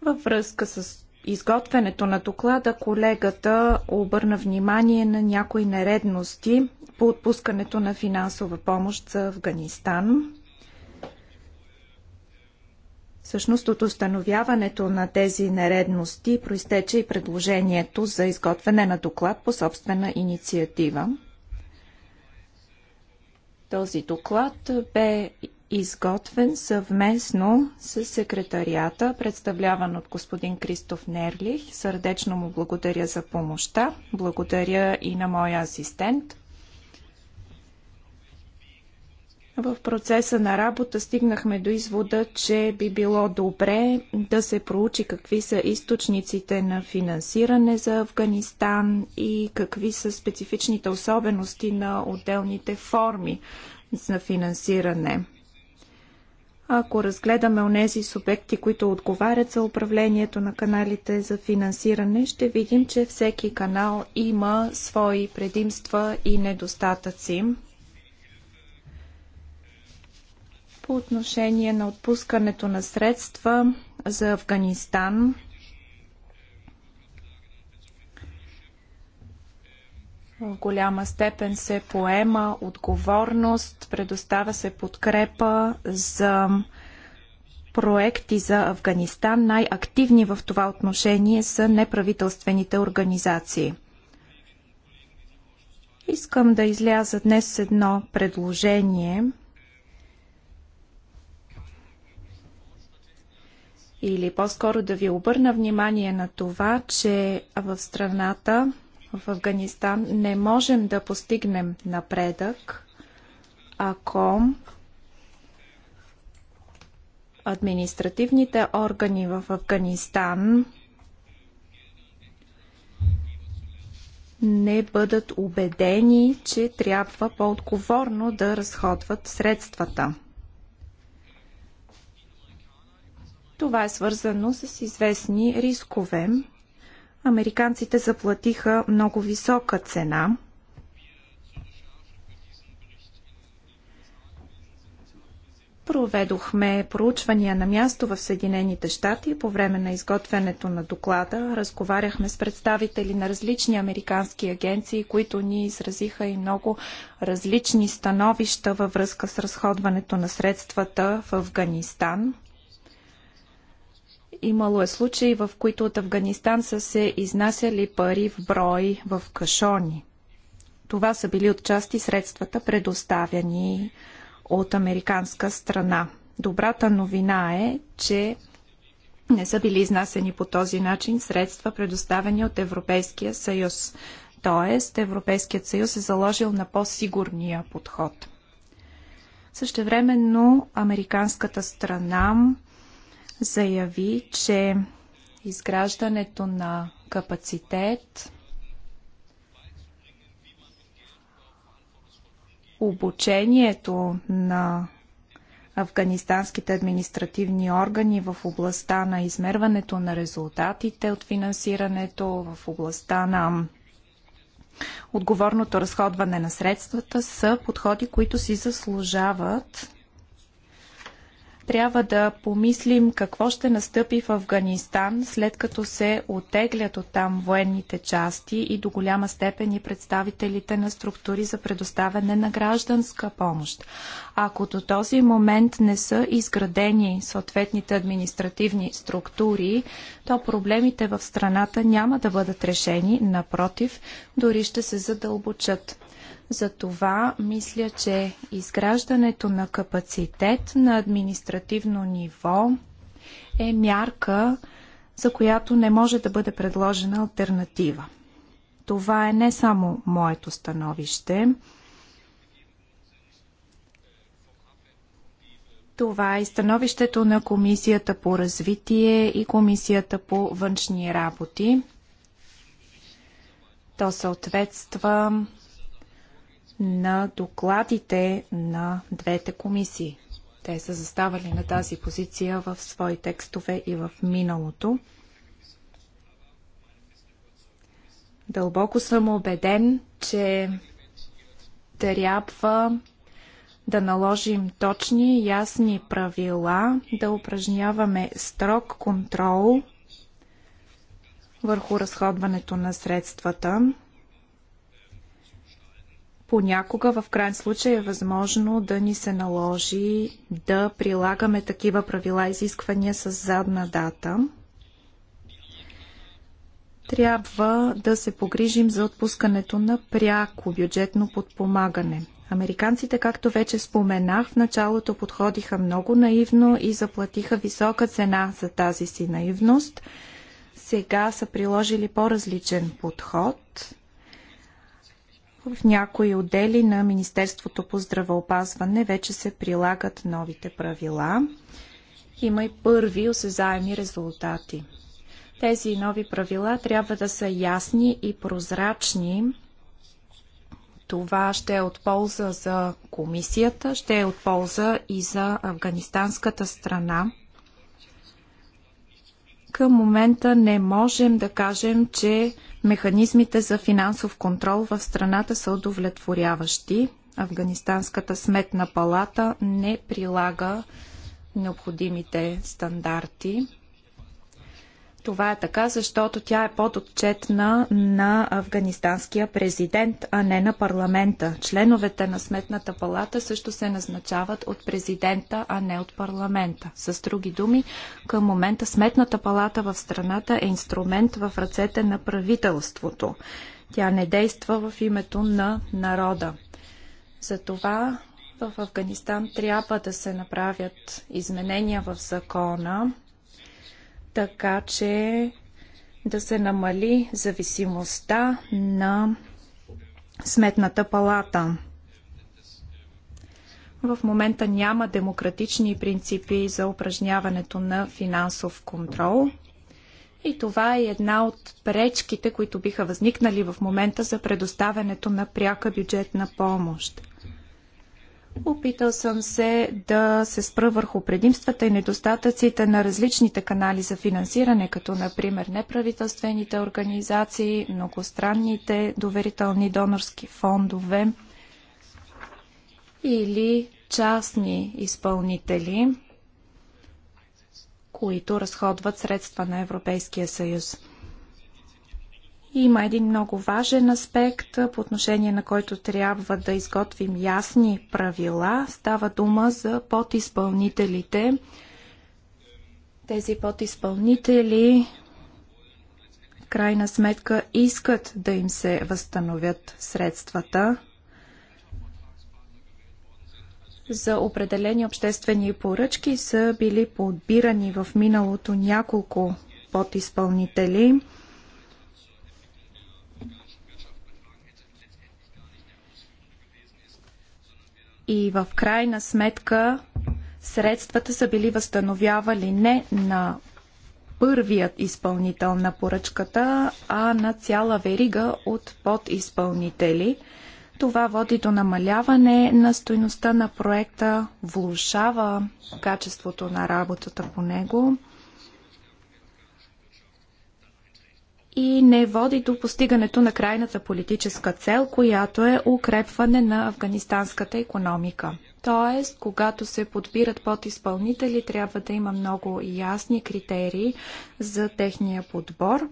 Във връзка с изготвянето на доклада колегата обърна внимание на някои нередности по отпускането на финансова помощ за Афганистан. Всъщност от установяването на тези нередности проистече и предложението за изготвяне на доклад по собствена инициатива. Този доклад бе изготвен съвместно с секретарията, представляван от господин Кристоф Нерлих. Сърдечно му благодаря за помощта. Благодаря и на моя асистент. В процеса на работа стигнахме до извода, че би било добре да се проучи какви са източниците на финансиране за Афганистан и какви са специфичните особености на отделните форми за финансиране. Ако разгледаме онези субекти, които отговарят за управлението на каналите за финансиране, ще видим, че всеки канал има свои предимства и недостатъци. По отношение на отпускането на средства за Афганистан – в голяма степен се поема отговорност, предоставя се подкрепа за проекти за Афганистан. Най-активни в това отношение са неправителствените организации. Искам да изляза днес с едно предложение или по-скоро да ви обърна внимание на това, че в страната в Афганистан не можем да постигнем напредък, ако административните органи в Афганистан не бъдат убедени, че трябва по-отговорно да разходват средствата. Това е свързано с известни рискове. Американците заплатиха много висока цена. Проведохме проучвания на място в Съединените щати. По време на изготвянето на доклада разговаряхме с представители на различни американски агенции, които ни изразиха и много различни становища във връзка с разходването на средствата в Афганистан. Имало е случаи, в които от Афганистан са се изнасяли пари в брой в кашони. Това са били отчасти средствата, предоставяни от американска страна. Добрата новина е, че не са били изнасени по този начин средства, предоставени от Европейския съюз. Тоест, Европейският съюз е заложил на по-сигурния подход. Същевременно, американската страна заяви, че изграждането на капацитет, обучението на афганистанските административни органи в областта на измерването на резултатите от финансирането, в областта на отговорното разходване на средствата са подходи, които си заслужават трябва да помислим какво ще настъпи в Афганистан, след като се отеглят от там военните части и до голяма степен и представителите на структури за предоставяне на гражданска помощ. Ако до този момент не са изградени съответните административни структури, то проблемите в страната няма да бъдат решени, напротив, дори ще се задълбочат. За това мисля, че изграждането на капацитет на административно ниво е мярка, за която не може да бъде предложена альтернатива. Това е не само моето становище. Това е становището на Комисията по развитие и Комисията по външни работи. То съответства на докладите на двете комисии. Те са заставали на тази позиция в свои текстове и в миналото. Дълбоко съм убеден, че трябва да наложим точни и ясни правила, да упражняваме строг контрол върху разходването на средствата. Понякога в крайен случай е възможно да ни се наложи да прилагаме такива правила изисквания с задна дата. Трябва да се погрижим за отпускането на пряко бюджетно подпомагане. Американците, както вече споменах, в началото подходиха много наивно и заплатиха висока цена за тази си наивност. Сега са приложили по-различен подход в някои отдели на Министерството по здравеопазване вече се прилагат новите правила. Има и първи осезаеми резултати. Тези нови правила трябва да са ясни и прозрачни. Това ще е от полза за комисията, ще е от полза и за афганистанската страна. Към момента не можем да кажем, че Механизмите за финансов контрол в страната са удовлетворяващи. Афганистанската сметна палата не прилага необходимите стандарти. Това е така, защото тя е подотчетна на афганистанския президент, а не на парламента. Членовете на Сметната палата също се назначават от президента, а не от парламента. С други думи, към момента Сметната палата в страната е инструмент в ръцете на правителството. Тя не действа в името на народа. Затова в Афганистан трябва да се направят изменения в закона, така че да се намали зависимостта на Сметната палата. В момента няма демократични принципи за упражняването на финансов контрол. И това е една от пречките, които биха възникнали в момента за предоставянето на пряка бюджетна помощ. Опитал съм се да се спра върху предимствата и недостатъците на различните канали за финансиране, като например неправителствените организации, многостранните доверителни донорски фондове или частни изпълнители, които разходват средства на Европейския съюз. Има един много важен аспект, по отношение на който трябва да изготвим ясни правила. Става дума за подизпълнителите. Тези подизпълнители в крайна сметка искат да им се възстановят средствата за определени обществени поръчки са били подбирани в миналото няколко подизпълнители – И в крайна сметка средствата са били възстановявали не на първият изпълнител на поръчката, а на цяла верига от подизпълнители. Това води до намаляване на стойността на проекта, влушава качеството на работата по него. и не води до постигането на крайната политическа цел, която е укрепване на афганистанската економика. Тоест, когато се подбират подизпълнители, трябва да има много ясни критерии за техния подбор.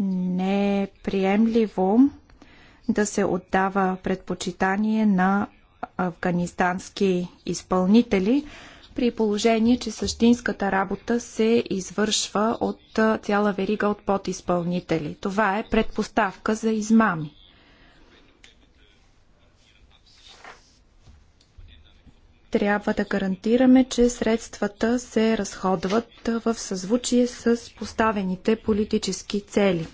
Не е приемливо да се отдава предпочитание на афганистански изпълнители, при положение, че същинската работа се извършва от цяла верига от подизпълнители. Това е предпоставка за измами. Трябва да гарантираме, че средствата се разходват в съзвучие с поставените политически цели.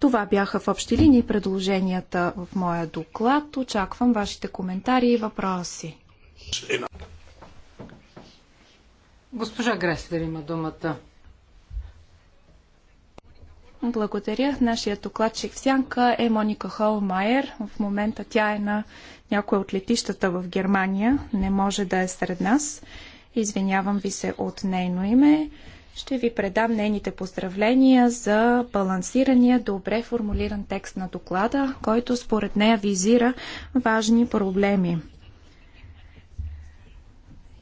Това бяха в общи линии предложенията в моя доклад. Очаквам вашите коментари и въпроси. Госпожа Греслер има думата. Благодаря. Нашият докладчик в Сянка е Моника Холмайер. В момента тя е на някое от летищата в Германия. Не може да е сред нас. Извинявам ви се от нейно име. Ще ви предам нейните поздравления за балансирания, добре формулиран текст на доклада, който според нея визира важни проблеми.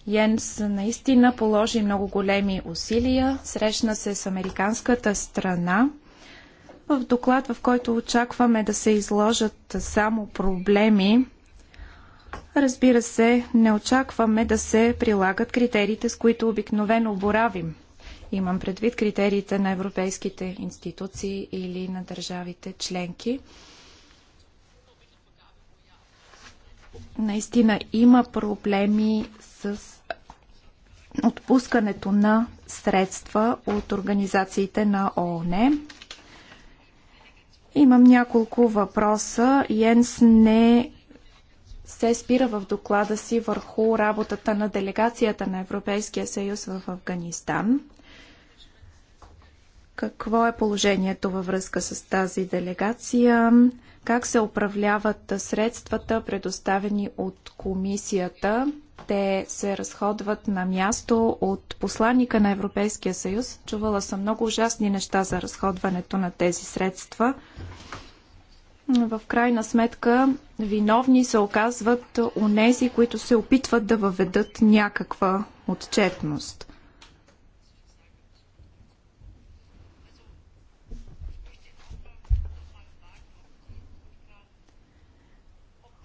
Йенс наистина положи много големи усилия, срещна се с американската страна. В доклад, в който очакваме да се изложат само проблеми, разбира се, не очакваме да се прилагат критериите, с които обикновено боравим. Имам предвид критериите на европейските институции или на държавите членки. Наистина има проблеми с отпускането на средства от организациите на ООН. Имам няколко въпроса. Йенс не се спира в доклада си върху работата на делегацията на Европейския съюз в Афганистан. Какво е положението във връзка с тази делегация? Как се управляват средствата, предоставени от комисията те се разходват на място от посланника на Европейския съюз. Чувала съм много ужасни неща за разходването на тези средства. В крайна сметка, виновни се оказват у нези, които се опитват да въведат някаква отчетност.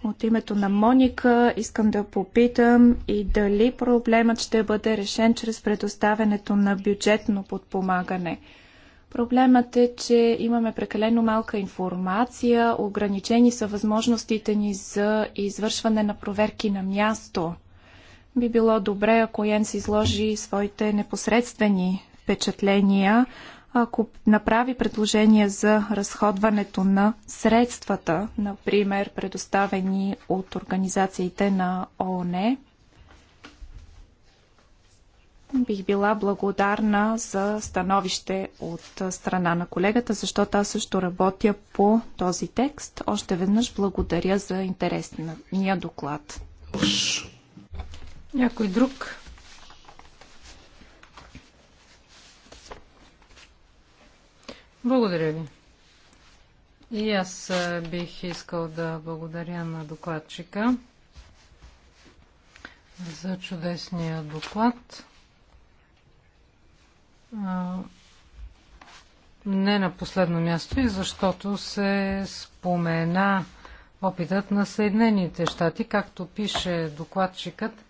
От името на Моника искам да попитам и дали проблемът ще бъде решен чрез предоставянето на бюджетно подпомагане. Проблемът е, че имаме прекалено малка информация, ограничени са възможностите ни за извършване на проверки на място. Би било добре, ако Йенс изложи своите непосредствени впечатления ако направи предложение за разходването на средствата, например предоставени от организациите на ООН, бих била благодарна за становище от страна на колегата, защото аз също работя по този текст. Още веднъж благодаря за интересния доклад. Някой друг Благодаря ви. И аз бих искал да благодаря на докладчика за чудесния доклад. Не на последно място и защото се спомена опитът на Съединените щати, както пише докладчикът,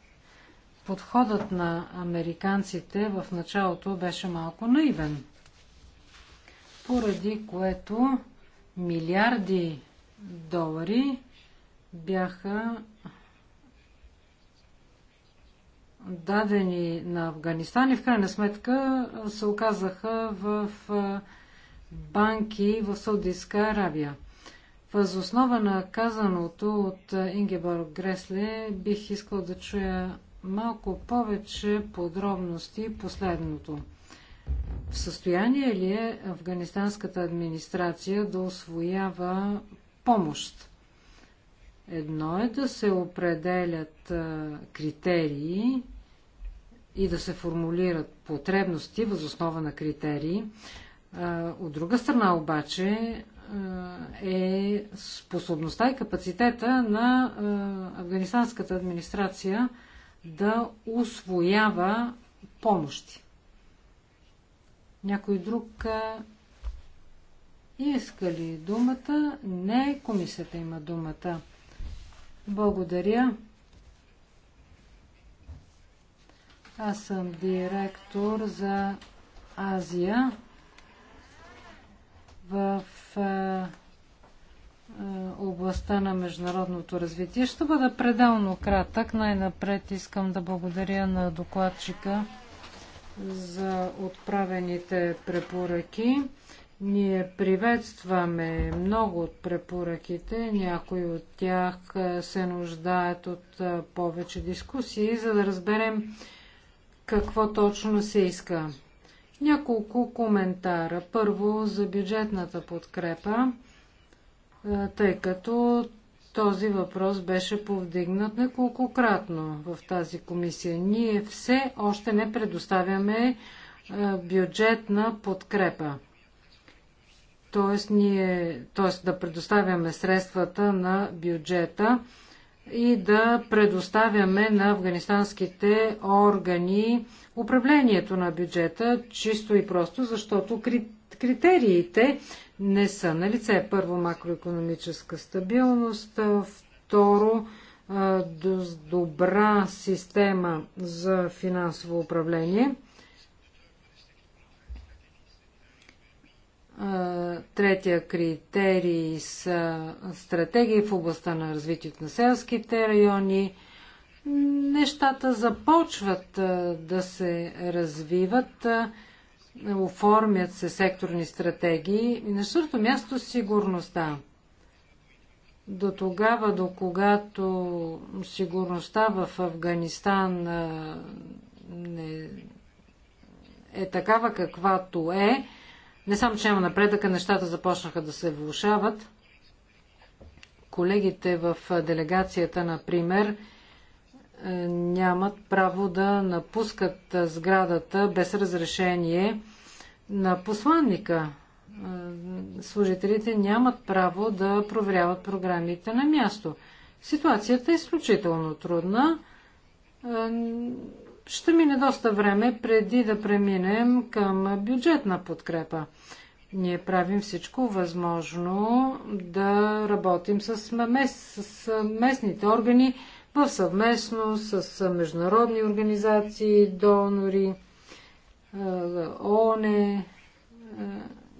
подходът на американците в началото беше малко наивен – поради което милиарди долари бяха дадени на Афганистан и в крайна сметка се оказаха в банки в Саудитска Арабия. основа на казаното от Ингебор Гресле бих искал да чуя малко повече подробности последното. В състояние ли е афганистанската администрация да освоява помощ? Едно е да се определят критерии и да се формулират потребности възоснова на критерии. От друга страна обаче е способността и капацитета на афганистанската администрация да освоява помощи. Някой друг иска ли думата? Не, комисията има думата. Благодаря. Аз съм директор за Азия в областта на международното развитие. Ще бъда пределно кратък. Най-напред искам да благодаря на докладчика за отправените препоръки. Ние приветстваме много от препоръките, някои от тях се нуждаят от повече дискусии, за да разберем какво точно се иска. Няколко коментара. Първо за бюджетната подкрепа, тъй като този въпрос беше повдигнат неколкократно в тази комисия. Ние все още не предоставяме е, бюджетна подкрепа. Тоест, ние, тоест да предоставяме средствата на бюджета и да предоставяме на афганистанските органи управлението на бюджета, чисто и просто, защото критериите не са на лице. Първо, макроекономическа стабилност. Второ, добра система за финансово управление. Третия критерий са стратегии в областта на развитието на селските райони. Нещата започват да се развиват оформят се секторни стратегии. И на четвърто място сигурността. До тогава, до когато сигурността в Афганистан не е такава каквато е, не само, че няма напредъка, нещата започнаха да се влушават. Колегите в делегацията, например, е, нямат право да напускат сградата без разрешение на посланника. Е, служителите нямат право да проверяват програмите на място. Ситуацията е изключително трудна. Е, ще мине доста време преди да преминем към бюджетна подкрепа. Ние правим всичко възможно да работим с, мес, с местните органи в съвместно с международни организации, донори е, ОНЕ е,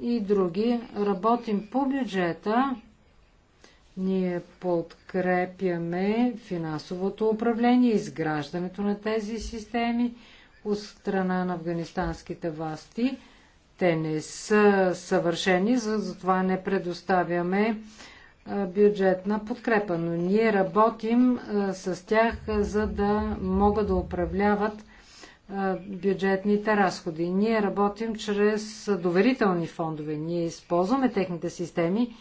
и други. Работим по бюджета. Ние подкрепяме финансовото управление, изграждането на тези системи от страна на афганистанските власти. Те не са съвършени, затова не предоставяме е, бюджетна подкрепа, но ние работим с тях, за да могат да управляват бюджетните разходи. Ние работим чрез доверителни фондове. Ние използваме техните системи,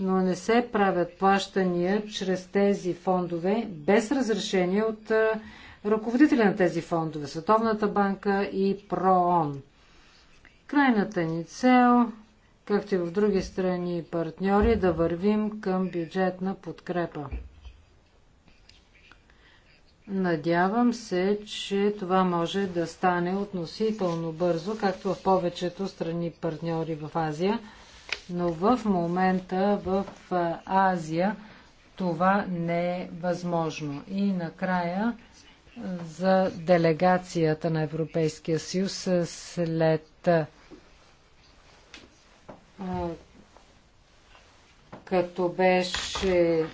но не се правят плащания чрез тези фондове без разрешение от ръководителя на тези фондове, Световната банка и ПРООН. Крайната ни цел, както и в други страни и партньори, е да вървим към бюджетна подкрепа. Надявам се, че това може да стане относително бързо, както в повечето страни партньори в Азия, но в момента в Азия това не е възможно. И накрая за делегацията на Европейския съюз след като беше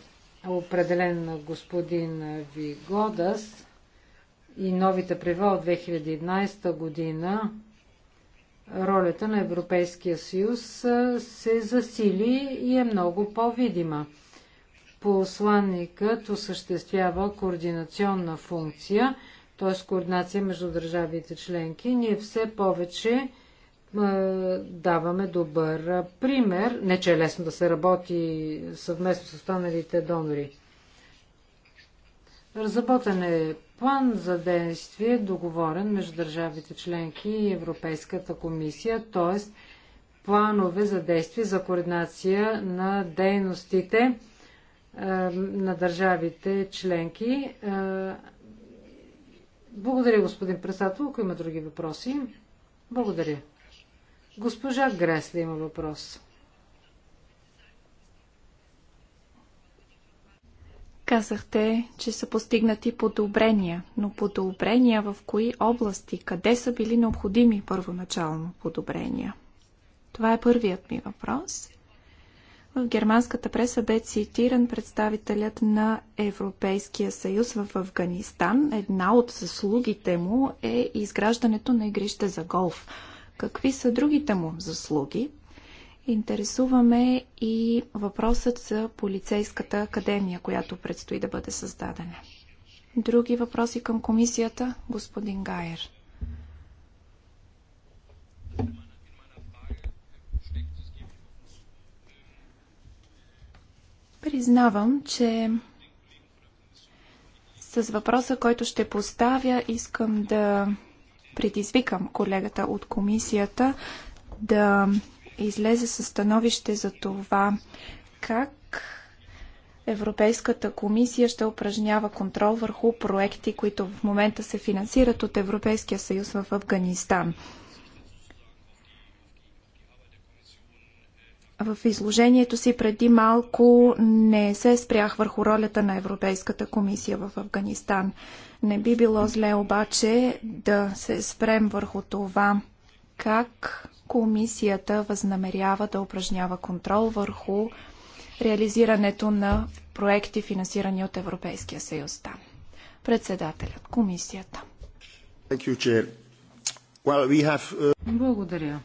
определен на господин Вигодас и новите правила от 2011 година, ролята на Европейския съюз се засили и е много по-видима. Посланникът осъществява координационна функция, т.е. координация между държавите членки. Ние все повече даваме добър пример. Не, че е лесно да се работи съвместно с останалите донори. Разработен е план за действие, договорен между държавите членки и Европейската комисия, т.е. планове за действие за координация на дейностите на държавите членки. благодаря, господин председател. Ако има други въпроси, благодаря. Госпожа Гресле има въпрос. Казахте, че са постигнати подобрения, но подобрения в кои области, къде са били необходими първоначално подобрения? Това е първият ми въпрос. В германската преса бе цитиран представителят на Европейския съюз в Афганистан. Една от заслугите му е изграждането на игрище за голф. Какви са другите му заслуги? Интересуваме и въпросът за полицейската академия, която предстои да бъде създадена. Други въпроси към комисията, господин Гайер. Признавам, че с въпроса, който ще поставя, искам да предизвикам колегата от комисията да излезе със становище за това как Европейската комисия ще упражнява контрол върху проекти, които в момента се финансират от Европейския съюз в Афганистан. В изложението си преди малко не се спрях върху ролята на Европейската комисия в Афганистан. Не би било зле обаче да се спрем върху това как комисията възнамерява да упражнява контрол върху реализирането на проекти, финансирани от Европейския съюз там. Председателят, комисията. Uh, Благодаря.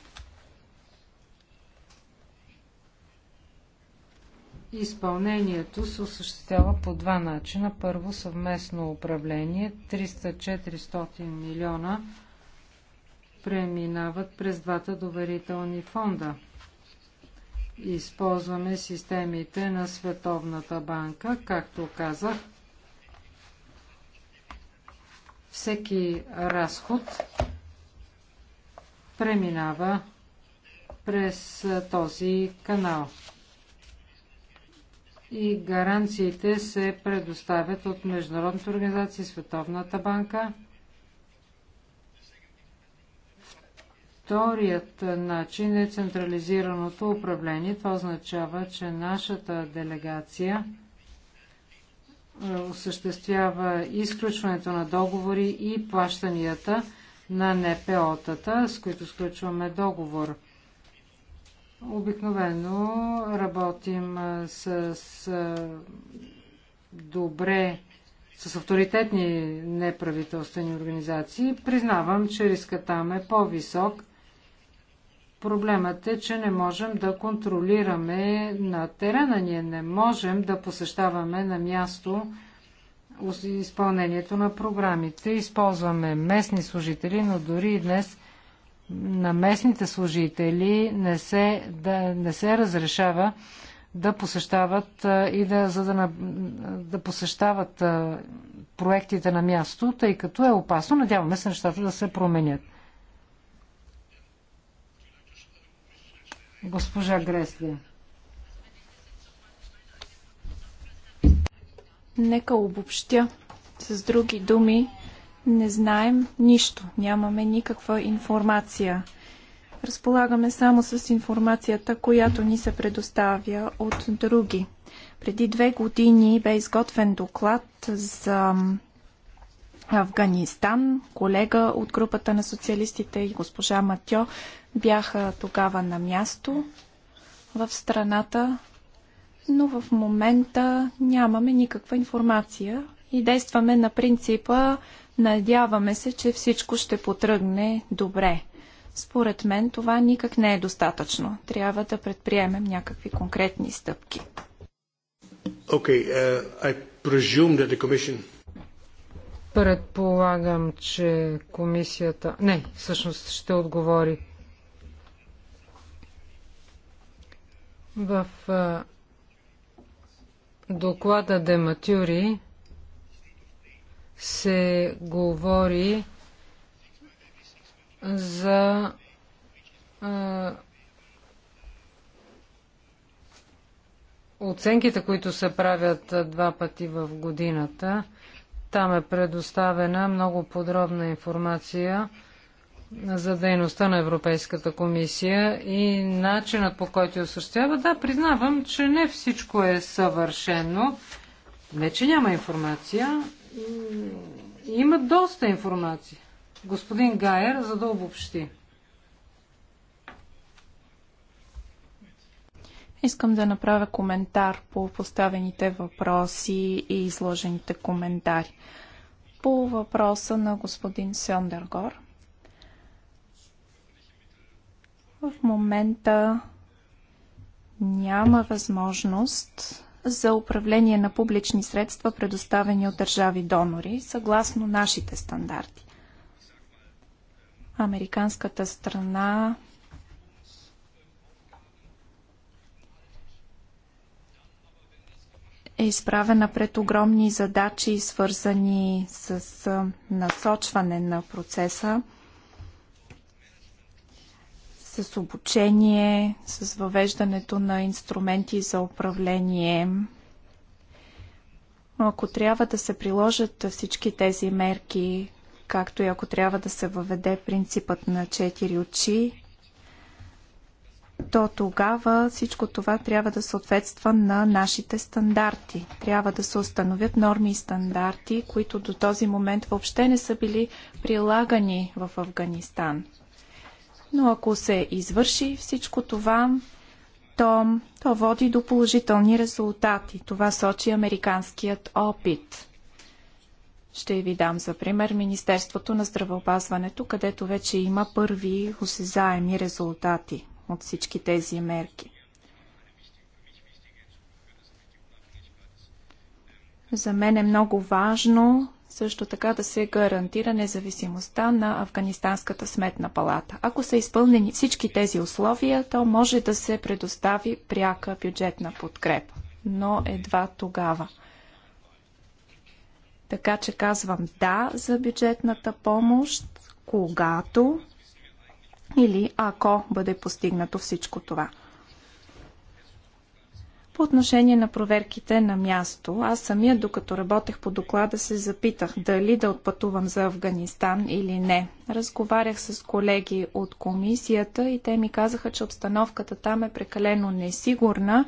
Изпълнението се осъществява по два начина. Първо съвместно управление. 300-400 милиона преминават през двата доверителни фонда. Използваме системите на Световната банка, както казах. Всеки разход преминава през този канал и гаранциите се предоставят от Международната организация и Световната банка. Вторият начин е централизираното управление. Това означава, че нашата делегация е, осъществява изключването на договори и плащанията на НПО-тата, с които сключваме договор – Обикновено работим с, с добре, с авторитетни неправителствени организации. Признавам, че риска там е по-висок. Проблемът е, че не можем да контролираме на терена. Ние не можем да посещаваме на място изпълнението на програмите. Използваме местни служители, но дори и днес на местните служители не се, да, не се разрешава да посещават и да, за да, да посещават проектите на място, тъй като е опасно. Надяваме се нещата да се променят. Госпожа Гресли. Нека обобщя с други думи не знаем нищо, нямаме никаква информация. Разполагаме само с информацията, която ни се предоставя от други. Преди две години бе изготвен доклад за Афганистан. Колега от групата на социалистите и госпожа Матьо бяха тогава на място в страната, но в момента нямаме никаква информация и действаме на принципа Надяваме се, че всичко ще потръгне добре. Според мен това никак не е достатъчно. Трябва да предприемем някакви конкретни стъпки. Okay, uh, I presume that the commission... Предполагам, че комисията... Не, всъщност ще отговори. В uh, доклада Дематюри се говори за оценките, които се правят два пъти в годината. Там е предоставена много подробна информация за дейността на Европейската комисия и начинът по който я осъществява. Да, признавам, че не всичко е съвършено. Не, че няма информация, има доста информация. Господин Гайер, за да обобщи. Искам да направя коментар по поставените въпроси и изложените коментари. По въпроса на господин Сьондергор. В момента няма възможност за управление на публични средства, предоставени от държави донори, съгласно нашите стандарти. Американската страна е изправена пред огромни задачи, свързани с насочване на процеса с обучение, с въвеждането на инструменти за управление. Но ако трябва да се приложат всички тези мерки, както и ако трябва да се въведе принципът на четири очи, то тогава всичко това трябва да съответства на нашите стандарти. Трябва да се установят норми и стандарти, които до този момент въобще не са били прилагани в Афганистан – но ако се извърши всичко това, то, то води до положителни резултати. Това сочи американският опит. Ще ви дам за пример Министерството на здравеопазването, където вече има първи осезаеми резултати от всички тези мерки. За мен е много важно също така да се гарантира независимостта на Афганистанската сметна палата. Ако са изпълнени всички тези условия, то може да се предостави пряка бюджетна подкрепа, но едва тогава. Така че казвам да за бюджетната помощ, когато или ако бъде постигнато всичко това. По отношение на проверките на място, аз самия, докато работех по доклада, се запитах дали да отпътувам за Афганистан или не. Разговарях с колеги от комисията и те ми казаха, че обстановката там е прекалено несигурна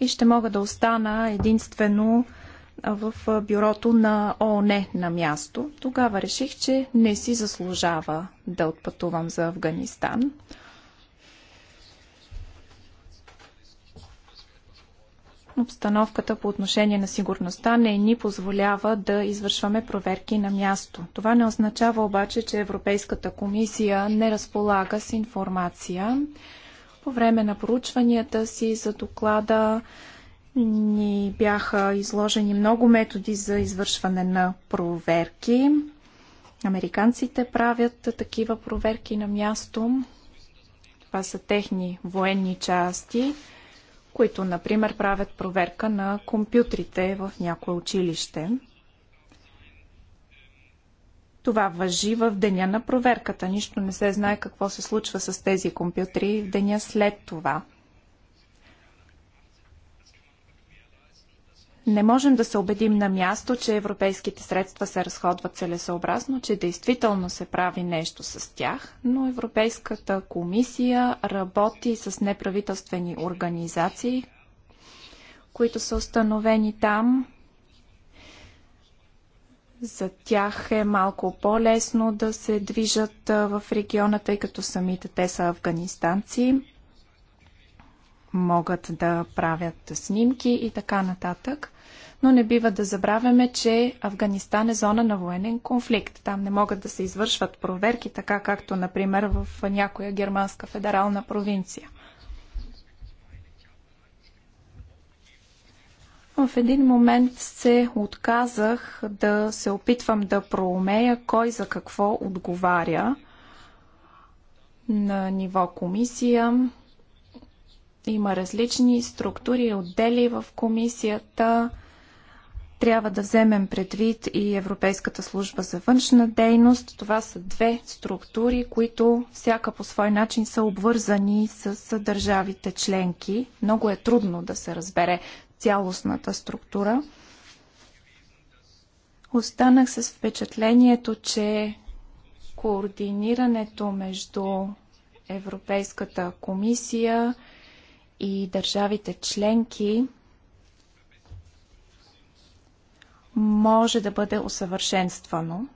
и ще мога да остана единствено в бюрото на ООН на място. Тогава реших, че не си заслужава да отпътувам за Афганистан. обстановката по отношение на сигурността не ни позволява да извършваме проверки на място. Това не означава обаче, че Европейската комисия не разполага с информация. По време на проучванията си за доклада ни бяха изложени много методи за извършване на проверки. Американците правят такива проверки на място. Това са техни военни части които, например, правят проверка на компютрите в някое училище. Това въжи в деня на проверката. Нищо не се знае какво се случва с тези компютри в деня след това. Не можем да се убедим на място, че европейските средства се разходват целесообразно, че действително се прави нещо с тях, но Европейската комисия работи с неправителствени организации, които са установени там. За тях е малко по-лесно да се движат в региона, тъй като самите те са афганистанци могат да правят снимки и така нататък. Но не бива да забравяме, че Афганистан е зона на военен конфликт. Там не могат да се извършват проверки, така както, например, в някоя германска федерална провинция. В един момент се отказах да се опитвам да проумея кой за какво отговаря на ниво комисия, има различни структури и отдели в комисията. Трябва да вземем предвид и Европейската служба за външна дейност. Това са две структури, които всяка по свой начин са обвързани с държавите членки. Много е трудно да се разбере цялостната структура. Останах с впечатлението, че координирането между Европейската комисия и държавите членки може да бъде усъвършенствано.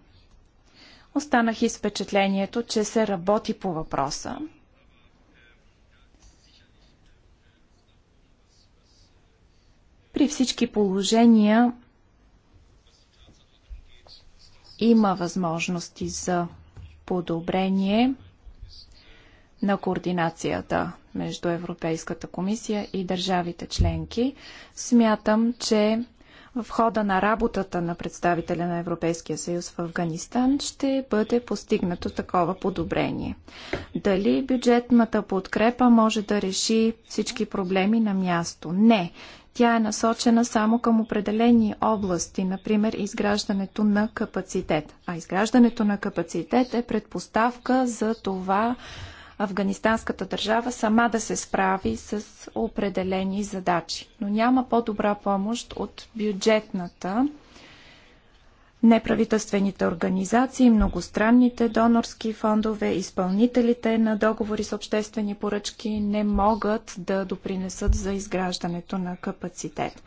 Останах и с впечатлението, че се работи по въпроса. При всички положения има възможности за подобрение на координацията между Европейската комисия и държавите членки. Смятам, че в хода на работата на представителя на Европейския съюз в Афганистан ще бъде постигнато такова подобрение. Дали бюджетната подкрепа може да реши всички проблеми на място? Не. Тя е насочена само към определени области, например изграждането на капацитет. А изграждането на капацитет е предпоставка за това афганистанската държава сама да се справи с определени задачи. Но няма по-добра помощ от бюджетната, неправителствените организации, многостранните донорски фондове, изпълнителите на договори с обществени поръчки не могат да допринесат за изграждането на капацитет.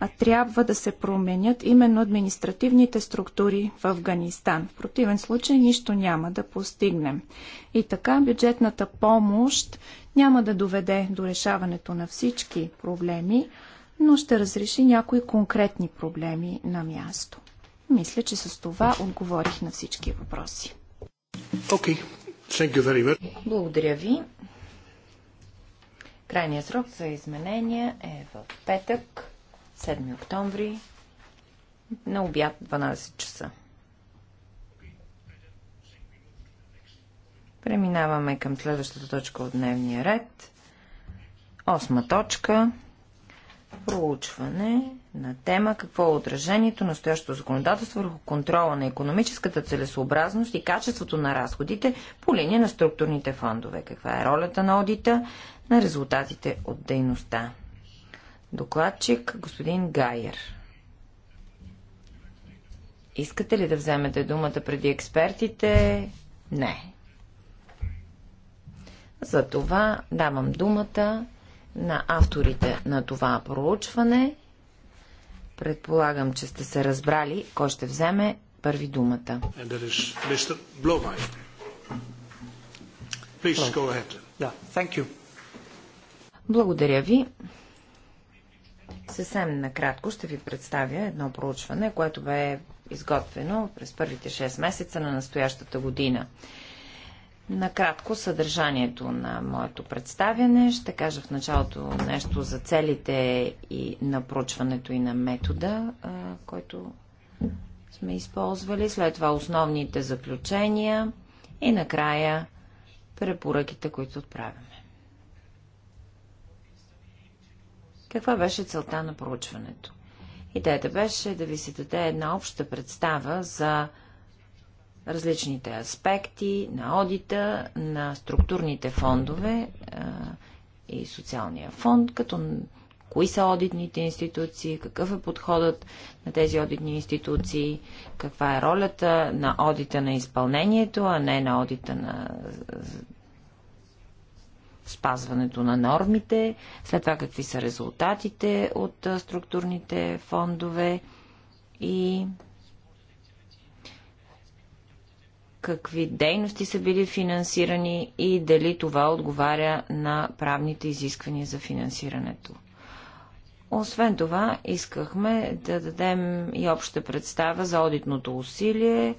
А трябва да се променят именно административните структури в Афганистан. В противен случай нищо няма да постигнем. И така бюджетната помощ няма да доведе до решаването на всички проблеми, но ще разреши някои конкретни проблеми на място. Мисля, че с това отговорих на всички въпроси. Okay. Thank you very much. Благодаря ви. Крайният срок за изменения е в петък, 7 октомври, на обяд 12 часа. Преминаваме към следващата точка от дневния ред. Осма точка проучване на тема какво е отражението на стоящото законодателство върху контрола на економическата целесообразност и качеството на разходите по линия на структурните фондове. Каква е ролята на одита на резултатите от дейността? Докладчик господин Гайер. Искате ли да вземете думата преди експертите? Не. Затова давам думата на авторите на това проучване. Предполагам, че сте се разбрали кой ще вземе първи думата. Благодаря ви. Съвсем накратко ще ви представя едно проучване, което бе изготвено през първите 6 месеца на настоящата година. Накратко съдържанието на моето представяне. Ще кажа в началото нещо за целите и на проучването и на метода, който сме използвали. След това основните заключения и накрая препоръките, които отправяме. Каква беше целта на проучването? Идеята беше да ви се даде една обща представа за различните аспекти на одита, на структурните фондове а, и социалния фонд, като кои са одитните институции, какъв е подходът на тези одитни институции, каква е ролята на одита на изпълнението, а не на одита на спазването на нормите, след това какви са резултатите от структурните фондове и какви дейности са били финансирани и дали това отговаря на правните изисквания за финансирането. Освен това, искахме да дадем и обща представа за одитното усилие,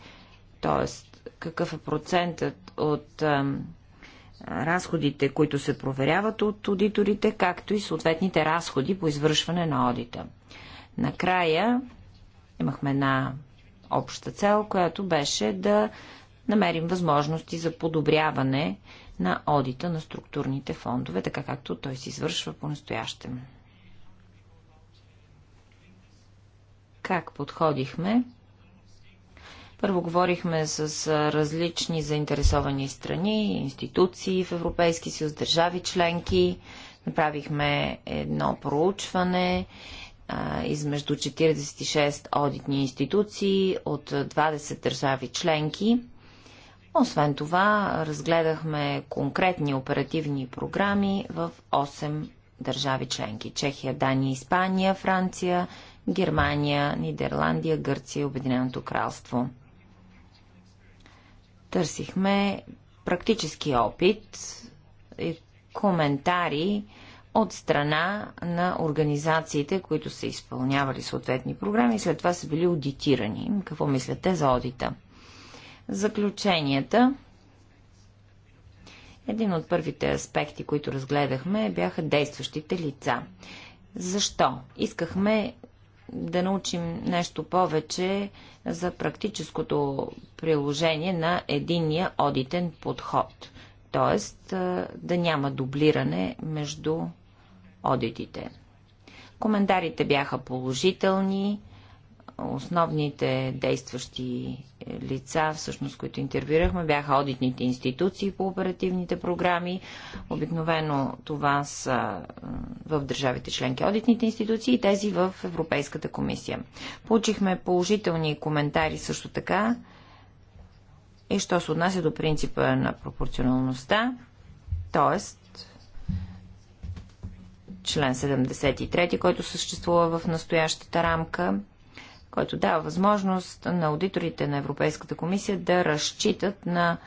т.е. какъв е процентът от разходите, които се проверяват от аудиторите, както и съответните разходи по извършване на одита. Накрая имахме една обща цел, която беше да намерим възможности за подобряване на одита на структурните фондове, така както той се извършва по-настоящем. Как подходихме? Първо говорихме с различни заинтересовани страни, институции в Европейски съюз, държави членки. Направихме едно проучване а, измежду 46 одитни институции от 20 държави членки – освен това, разгледахме конкретни оперативни програми в 8 държави членки. Чехия, Дания, Испания, Франция, Германия, Нидерландия, Гърция и Обединеното кралство. Търсихме практически опит и коментари от страна на организациите, които са изпълнявали съответни програми и след това са били аудитирани. Какво мислят те за одита? Заключенията. Един от първите аспекти, които разгледахме, бяха действащите лица. Защо? Искахме да научим нещо повече за практическото приложение на единния одитен подход. Тоест да няма дублиране между одитите. Коментарите бяха положителни, основните действащи е, лица, всъщност, които интервюирахме, бяха одитните институции по оперативните програми. Обикновено това са е, в държавите членки одитните институции и тези в Европейската комисия. Получихме положителни коментари също така и що се отнася до принципа на пропорционалността, т.е. член 73, който съществува в настоящата рамка – който дава възможност на аудиторите на Европейската комисия да разчитат на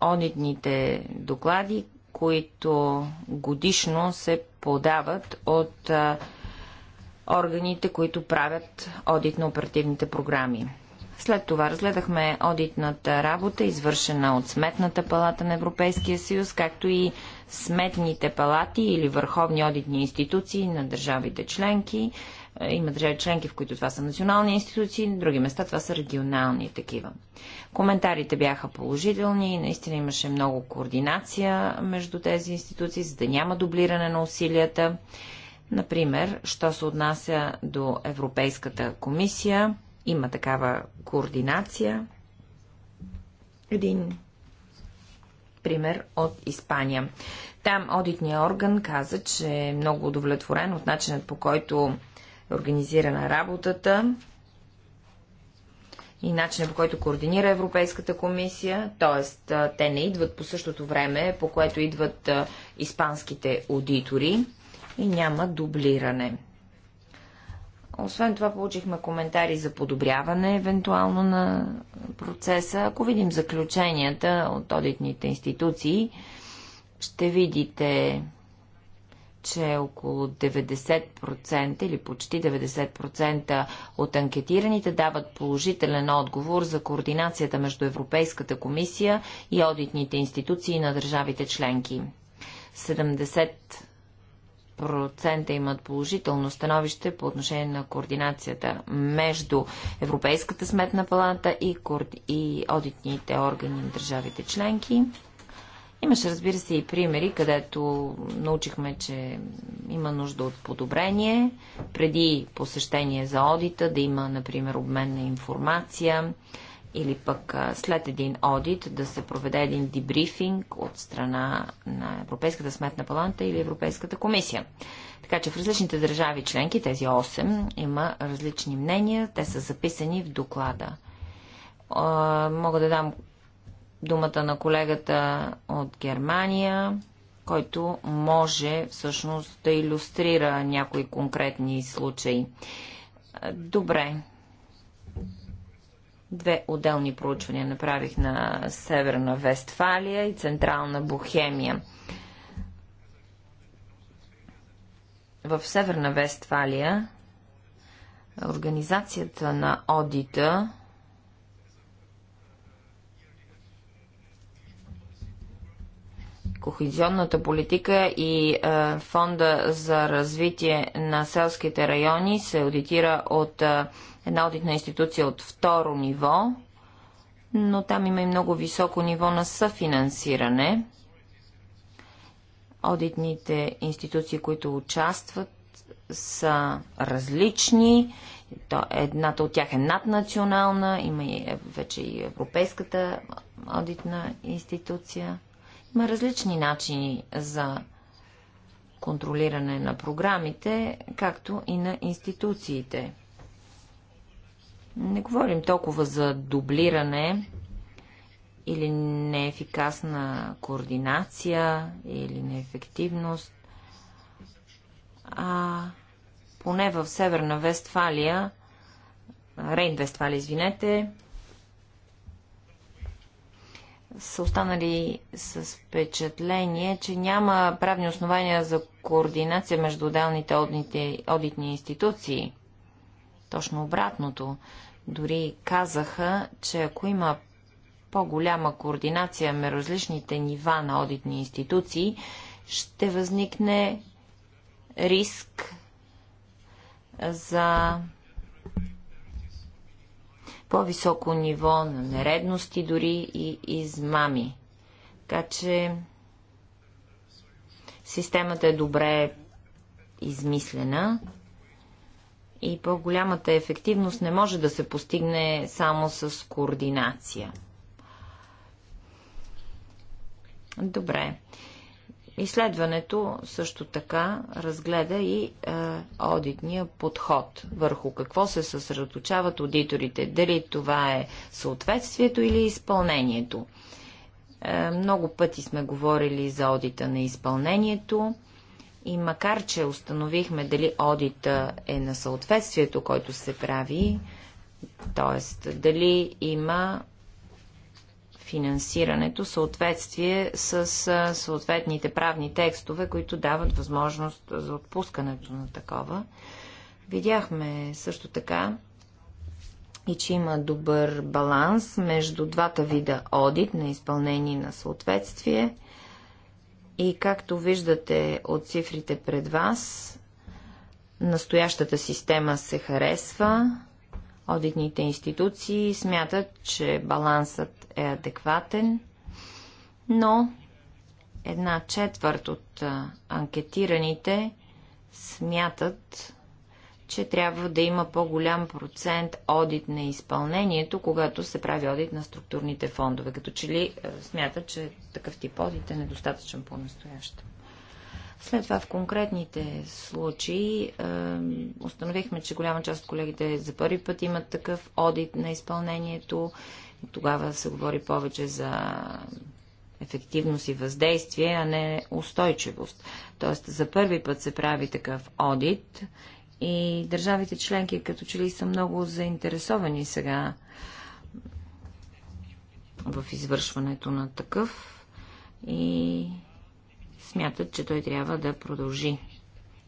одитните доклади, които годишно се подават от органите, които правят одит на оперативните програми. След това разгледахме одитната работа, извършена от Сметната палата на Европейския съюз, както и сметните палати или върховни одитни институции на държавите членки, е, има държави членки, в които това са национални институции, на други места това са регионални такива. Коментарите бяха положителни, наистина имаше много координация между тези институции, за да няма дублиране на усилията. Например, що се отнася до Европейската комисия, има такава координация. Един пример от Испания. Там одитният орган каза, че е много удовлетворен от начинът по който организирана работата и начинът по който координира Европейската комисия, т.е. те не идват по същото време, по което идват испанските аудитори и няма дублиране. Освен това получихме коментари за подобряване евентуално на процеса. Ако видим заключенията от одитните институции, ще видите че около 90% или почти 90% от анкетираните дават положителен отговор за координацията между Европейската комисия и одитните институции на държавите членки. 70% имат положително становище по отношение на координацията между Европейската сметна палата и, и одитните органи на държавите членки. Имаше, разбира се, и примери, където научихме, че има нужда от подобрение. Преди посещение за одита да има, например, обмен на информация или пък след един одит да се проведе един дебрифинг от страна на Европейската сметна паланта или Европейската комисия. Така че в различните държави членки, тези 8, има различни мнения. Те са записани в доклада. Мога да дам думата на колегата от Германия, който може всъщност да иллюстрира някои конкретни случаи. Добре. Две отделни проучвания направих на Северна Вестфалия и Централна Бохемия. В Северна Вестфалия организацията на одита кохезионната политика и е, фонда за развитие на селските райони се аудитира от е, една аудитна институция от второ ниво, но там има и много високо ниво на съфинансиране. Одитните институции, които участват, са различни. Е, едната от тях е наднационална, има и е, вече и Европейската одитна институция. Има различни начини за контролиране на програмите, както и на институциите. Не говорим толкова за дублиране или неефикасна координация или неефективност, а поне в Северна Вестфалия, Рейн Вестфалия, извинете, са останали с впечатление, че няма правни основания за координация между отделните одитни институции. Точно обратното. Дори казаха, че ако има по-голяма координация между различните нива на одитни институции, ще възникне риск за по-високо ниво на нередности дори и измами. Така че системата е добре измислена и по-голямата ефективност не може да се постигне само с координация. Добре. Изследването също така разгледа и е, одитния подход върху какво се съсредоточават аудиторите. Дали това е съответствието или изпълнението. Е, много пъти сме говорили за одита на изпълнението и макар, че установихме дали одита е на съответствието, който се прави, т.е. дали има финансирането в съответствие с съответните правни текстове, които дават възможност за отпускането на такова. Видяхме също така и че има добър баланс между двата вида одит на изпълнение на съответствие и както виждате от цифрите пред вас, настоящата система се харесва, Одитните институции смятат, че балансът е адекватен, но една четвърт от анкетираните смятат, че трябва да има по-голям процент одит на изпълнението, когато се прави одит на структурните фондове. Като че ли смятат, че такъв тип одит е недостатъчен по-настоящем. След това в конкретните случаи е, установихме, че голяма част от колегите за първи път имат такъв одит на изпълнението тогава се говори повече за ефективност и въздействие, а не устойчивост. Тоест за първи път се прави такъв одит и държавите членки като че ли са много заинтересовани сега в извършването на такъв и смятат, че той трябва да продължи.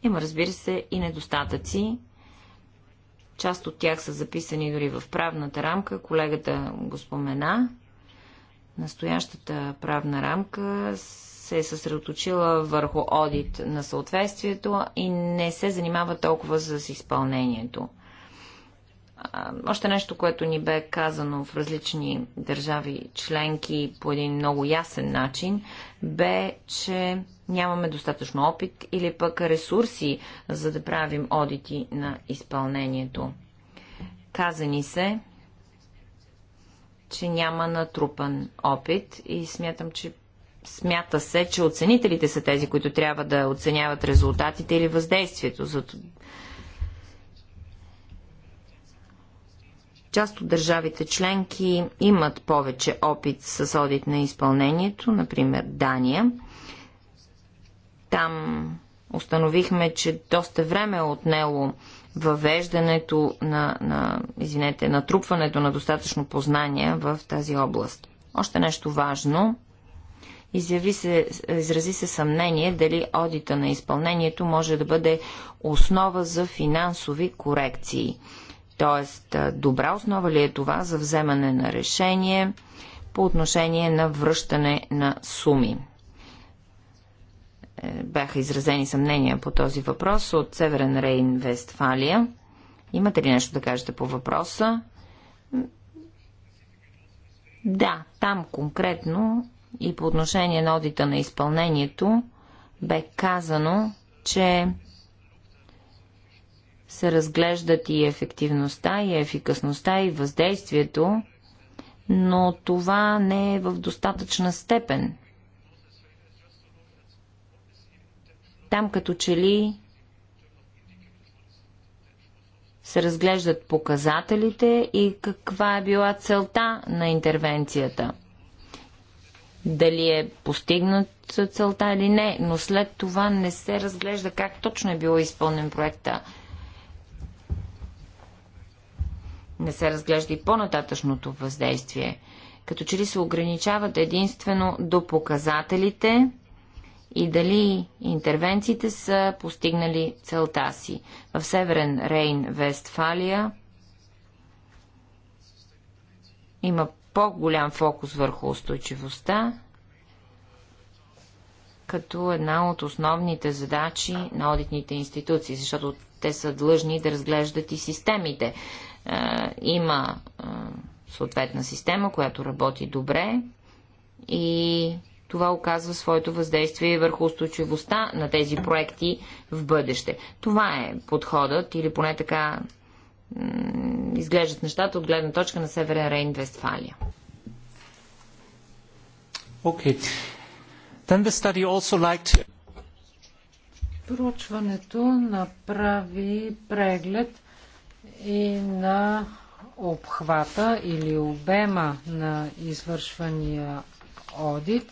Има, разбира се, и недостатъци, Част от тях са записани дори в правната рамка. Колегата го спомена. Настоящата правна рамка се е съсредоточила върху одит на съответствието и не се занимава толкова с изпълнението. Още нещо, което ни бе казано в различни държави членки по един много ясен начин, бе, че нямаме достатъчно опит или пък ресурси, за да правим одити на изпълнението. Каза ни се, че няма натрупан опит и смятам, че смята се, че оценителите са тези, които трябва да оценяват резултатите или въздействието. Част от държавите членки имат повече опит с одит на изпълнението, например Дания. Там установихме, че доста време е отнело въвеждането на, на извинете, натрупването на достатъчно познания в тази област. Още нещо важно. Изяви се, изрази се съмнение дали одита на изпълнението може да бъде основа за финансови корекции. Тоест, добра основа ли е това за вземане на решение по отношение на връщане на суми? Е, бяха изразени съмнения по този въпрос от Северен Рейн, Вестфалия. Имате ли нещо да кажете по въпроса? Да, там конкретно и по отношение на одита на изпълнението бе казано, че се разглеждат и ефективността, и ефикасността, и въздействието, но това не е в достатъчна степен. Там като че ли се разглеждат показателите и каква е била целта на интервенцията. Дали е постигнат целта или не, но след това не се разглежда как точно е било изпълнен проекта не се разглежда и по-нататъчното въздействие. Като че ли се ограничават единствено до показателите и дали интервенциите са постигнали целта си. В Северен Рейн, Вестфалия има по-голям фокус върху устойчивостта като една от основните задачи на одитните институции, защото те са длъжни да разглеждат и системите. Е, има е, съответна система, която работи добре и това оказва своето въздействие върху устойчивостта на тези проекти в бъдеще. Това е подходът или поне така изглеждат нещата от гледна точка на Северен Рейн, Вестфалия. Окей. Okay. Проучването направи преглед и на обхвата или обема на извършвания одит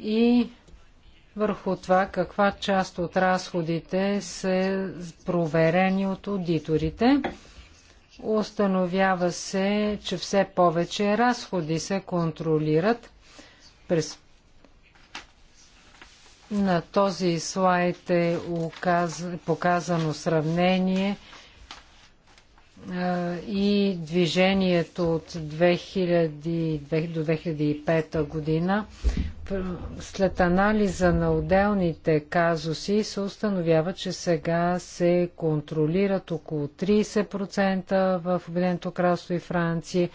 и върху това каква част от разходите са проверени от аудиторите. Установява се, че все повече разходи се контролират. През на този слайд е показано сравнение и движението от 2000 до 2005 година. След анализа на отделните казуси се установява, че сега се контролират около 30% в Обединеното кралство и Франция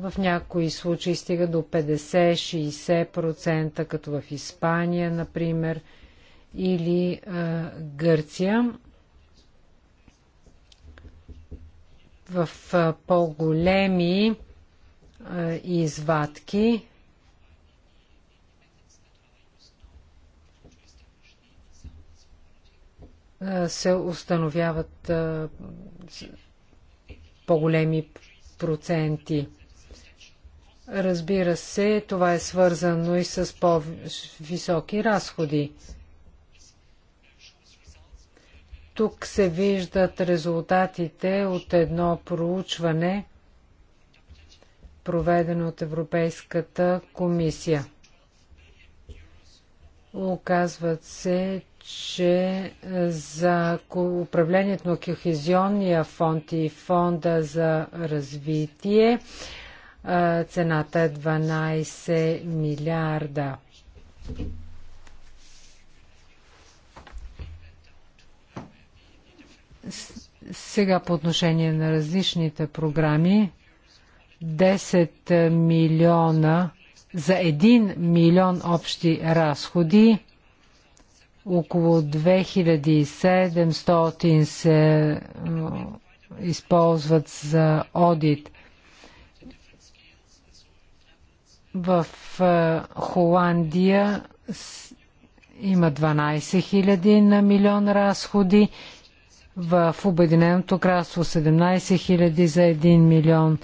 в някои случаи стига до 50-60%, като в Испания, например, или а, Гърция. В а, по-големи а, извадки се установяват по-големи проценти. Разбира се, това е свързано и с по-високи разходи. Тук се виждат резултатите от едно проучване, проведено от Европейската комисия. Оказват се, че за управлението на Кохезионния фонд и фонда за развитие Цената е 12 милиарда. Сега по отношение на различните програми, 10 милиона за 1 милион общи разходи, около 2700 се използват за одит. В Холандия има 12 000 на милион разходи, в Обединеното кралство 17 000 за 1 милион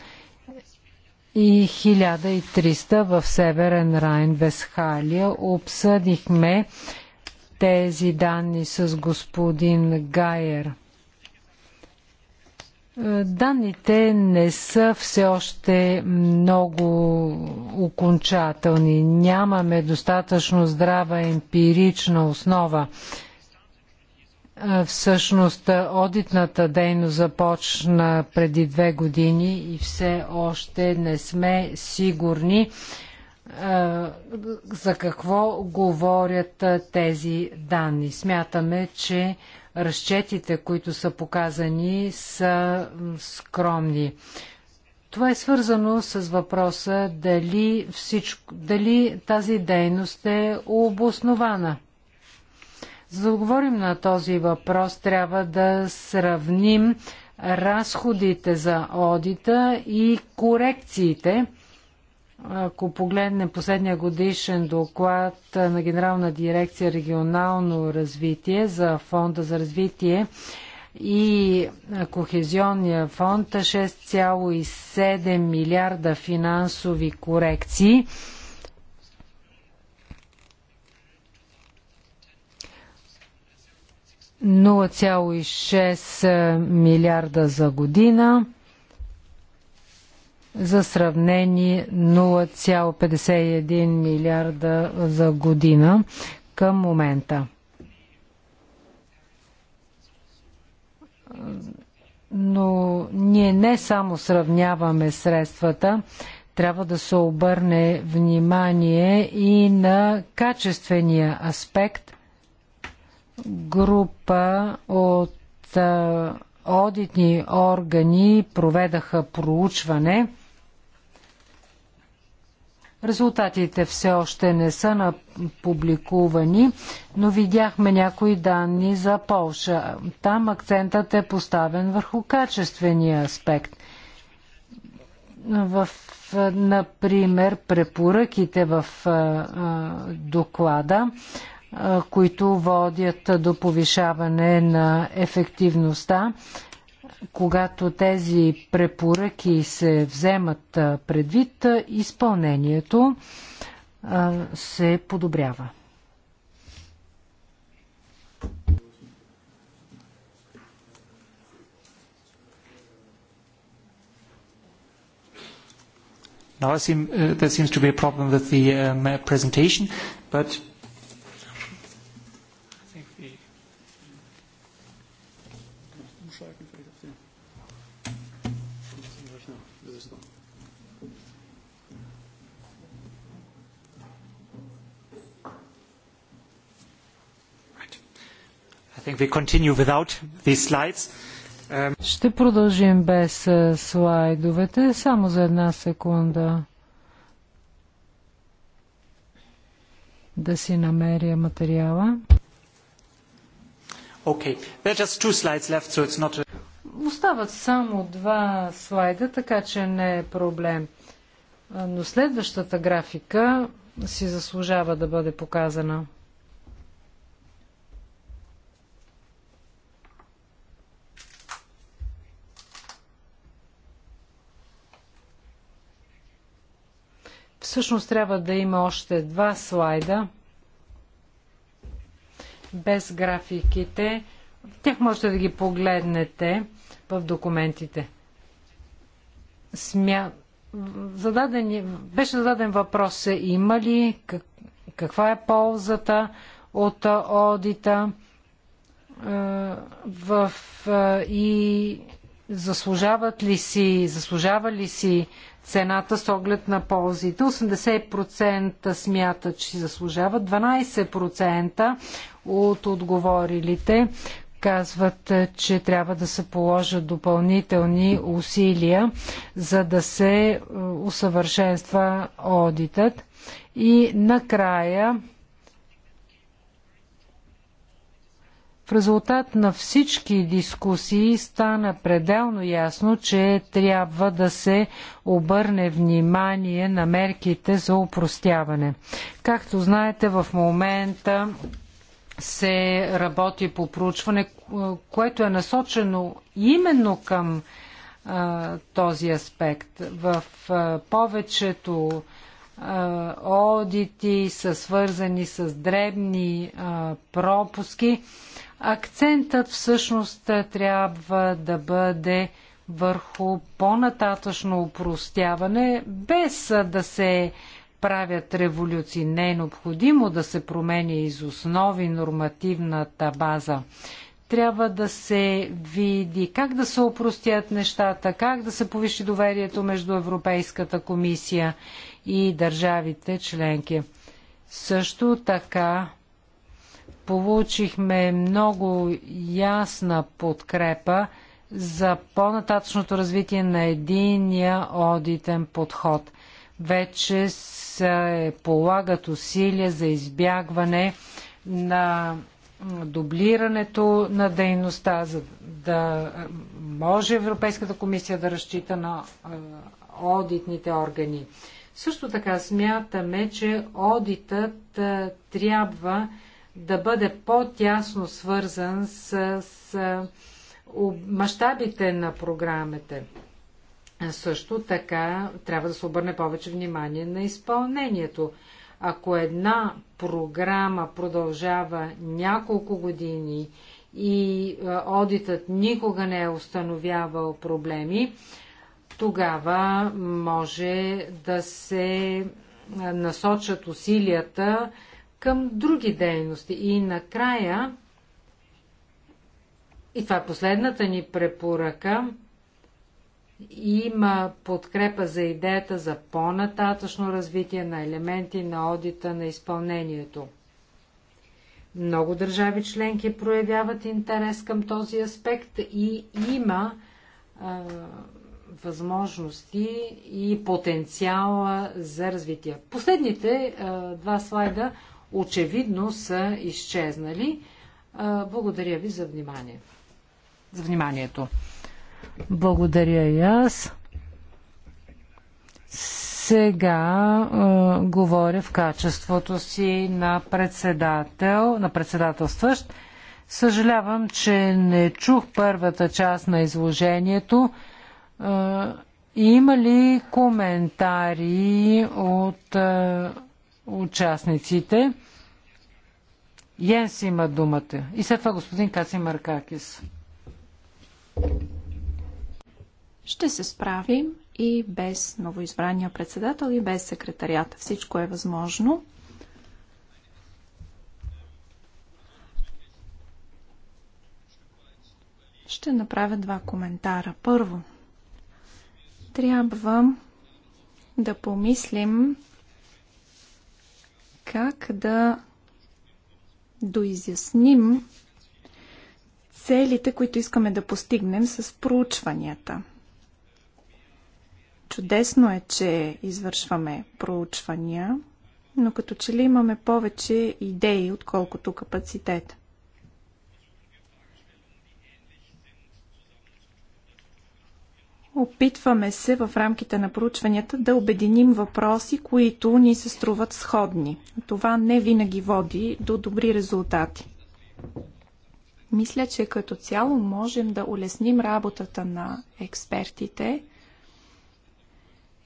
и 1300 в Северен Райн Весхалия. Обсъдихме тези данни с господин Гайер – е, данните не са все още много окончателни. Нямаме достатъчно здрава емпирична основа. Е, всъщност, одитната дейност започна преди две години и все още не сме сигурни е, за какво говорят тези данни. Смятаме, че разчетите, които са показани, са скромни. Това е свързано с въпроса дали, всичко, дали тази дейност е обоснована. За да отговорим на този въпрос, трябва да сравним разходите за одита и корекциите ако погледнем последния годишен доклад на Генерална дирекция регионално развитие за Фонда за развитие и Кохезионния фонд, 6,7 милиарда финансови корекции. 0,6 милиарда за година за сравнение 0,51 милиарда за година към момента. Но ние не само сравняваме средствата, трябва да се обърне внимание и на качествения аспект. Група от а, одитни органи проведаха проучване – Резултатите все още не са публикувани, но видяхме някои данни за Полша. Там акцентът е поставен върху качествения аспект. В, например, препоръките в доклада, които водят до повишаване на ефективността, когато тези препоръки се вземат предвид, изпълнението се подобрява. Now, I seem, uh, there seems to be a problem with the um, presentation, but Um, Ще продължим без е, слайдовете, само за една секунда. Да си намеря материала. Okay. Left, so not... Остават само два слайда, така че не е проблем. Но следващата графика си заслужава да бъде показана. Всъщност трябва да има още два слайда без графиките. Тях можете да ги погледнете в документите. Смя... Зададен... Е- беше зададен въпрос е, има ли, каква е ползата от одита в, и заслужават ли си, заслужава ли си цената с оглед на ползите. 80% смятат, че си заслужават. 12% от отговорилите казват, че трябва да се положат допълнителни усилия, за да се е, усъвършенства одитът. И накрая В резултат на всички дискусии стана пределно ясно, че трябва да се обърне внимание на мерките за упростяване. Както знаете, в момента се работи по проучване, което е насочено именно към а, този аспект. В а, повечето а, одити са свързани с дребни пропуски Акцентът всъщност трябва да бъде върху по-нататъчно упростяване, без да се правят революции. Не е необходимо да се промени из основи нормативната база. Трябва да се види как да се опростят нещата, как да се повиши доверието между Европейската комисия и държавите членки. Също така Получихме много ясна подкрепа за по-нататъчното развитие на единия одитен подход. Вече се полагат усилия за избягване на дублирането на дейността, за да може Европейската комисия да разчита на одитните органи. Също така смятаме, че одитът трябва да бъде по-тясно свързан с, с мащабите на програмите. Също така трябва да се обърне повече внимание на изпълнението. Ако една програма продължава няколко години и одитът никога не е установявал проблеми, тогава може да се насочат усилията към други дейности. И накрая, и това е последната ни препоръка, има подкрепа за идеята за по-нататъчно развитие на елементи на одита на изпълнението. Много държави членки проявяват интерес към този аспект и има а, възможности и потенциала за развитие. Последните а, два слайда очевидно са изчезнали. Благодаря ви за внимание. За вниманието. Благодаря и аз. Сега е, говоря в качеството си на председател, на председателстващ. Съжалявам, че не чух първата част на изложението. Е, има ли коментари от е, участниците? Йенс има думата. И след това господин Каци Маркакис. Ще се справим и без новоизбрания председател и без секретарията. Всичко е възможно. Ще направя два коментара. Първо, трябва да помислим как да доизясним целите, които искаме да постигнем с проучванията. Чудесно е, че извършваме проучвания, но като че ли имаме повече идеи, отколкото капацитет. Опитваме се в рамките на проучванията да обединим въпроси, които ни се струват сходни. Това не винаги води до добри резултати. Мисля, че като цяло можем да улесним работата на експертите,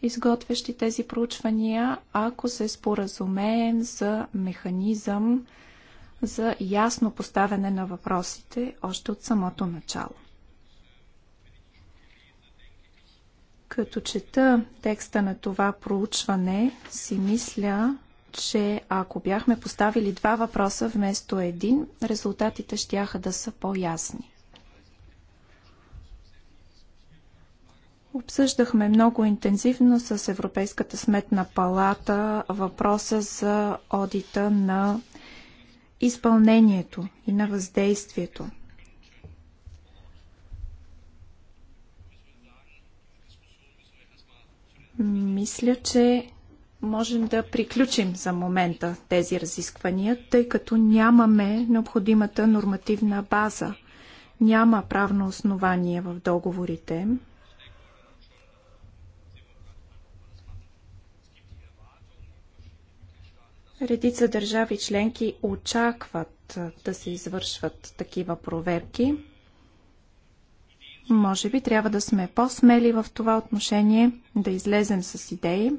изготвящи тези проучвания, ако се споразумеем за механизъм за ясно поставяне на въпросите още от самото начало. Като чета текста на това проучване, си мисля, че ако бяхме поставили два въпроса вместо един, резултатите щяха да са по-ясни. Обсъждахме много интензивно с Европейската сметна палата въпроса за одита на изпълнението и на въздействието. Мисля, че можем да приключим за момента тези разисквания, тъй като нямаме необходимата нормативна база. Няма правно основание в договорите. Редица държави членки очакват да се извършват такива проверки. Може би трябва да сме по-смели в това отношение, да излезем с идеи.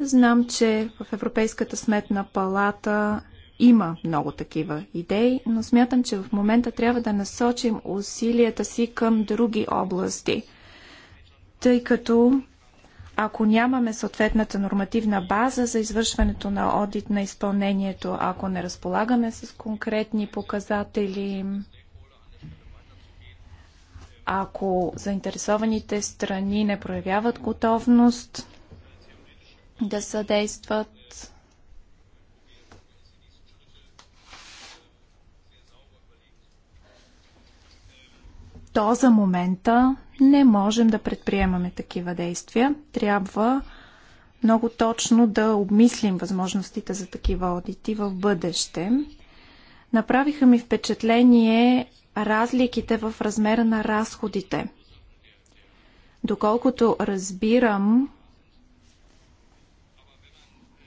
Знам, че в Европейската сметна палата има много такива идеи, но смятам, че в момента трябва да насочим усилията си към други области, тъй като ако нямаме съответната нормативна база за извършването на одит на изпълнението, ако не разполагаме с конкретни показатели, ако заинтересованите страни не проявяват готовност да съдействат, то за момента не можем да предприемаме такива действия. Трябва много точно да обмислим възможностите за такива одити в бъдеще. Направиха ми впечатление разликите в размера на разходите. Доколкото разбирам,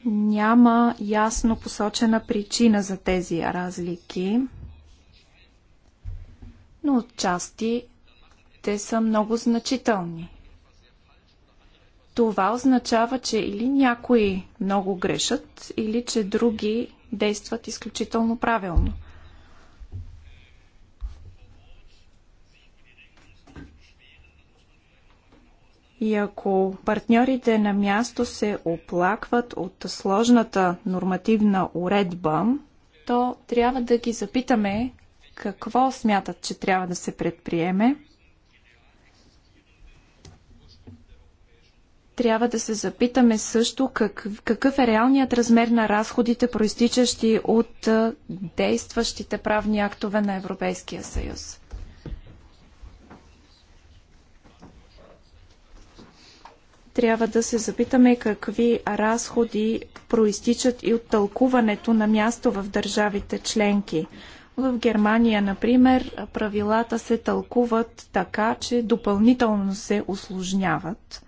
няма ясно посочена причина за тези разлики но отчасти те са много значителни. Това означава, че или някои много грешат, или че други действат изключително правилно. И ако партньорите на място се оплакват от сложната нормативна уредба, то трябва да ги запитаме какво смятат, че трябва да се предприеме? трябва да се запитаме също как, какъв е реалният размер на разходите, проистичащи от действащите правни актове на Европейския съюз. Трябва да се запитаме какви разходи проистичат и от тълкуването на място в държавите членки. В Германия, например, правилата се тълкуват така, че допълнително се осложняват.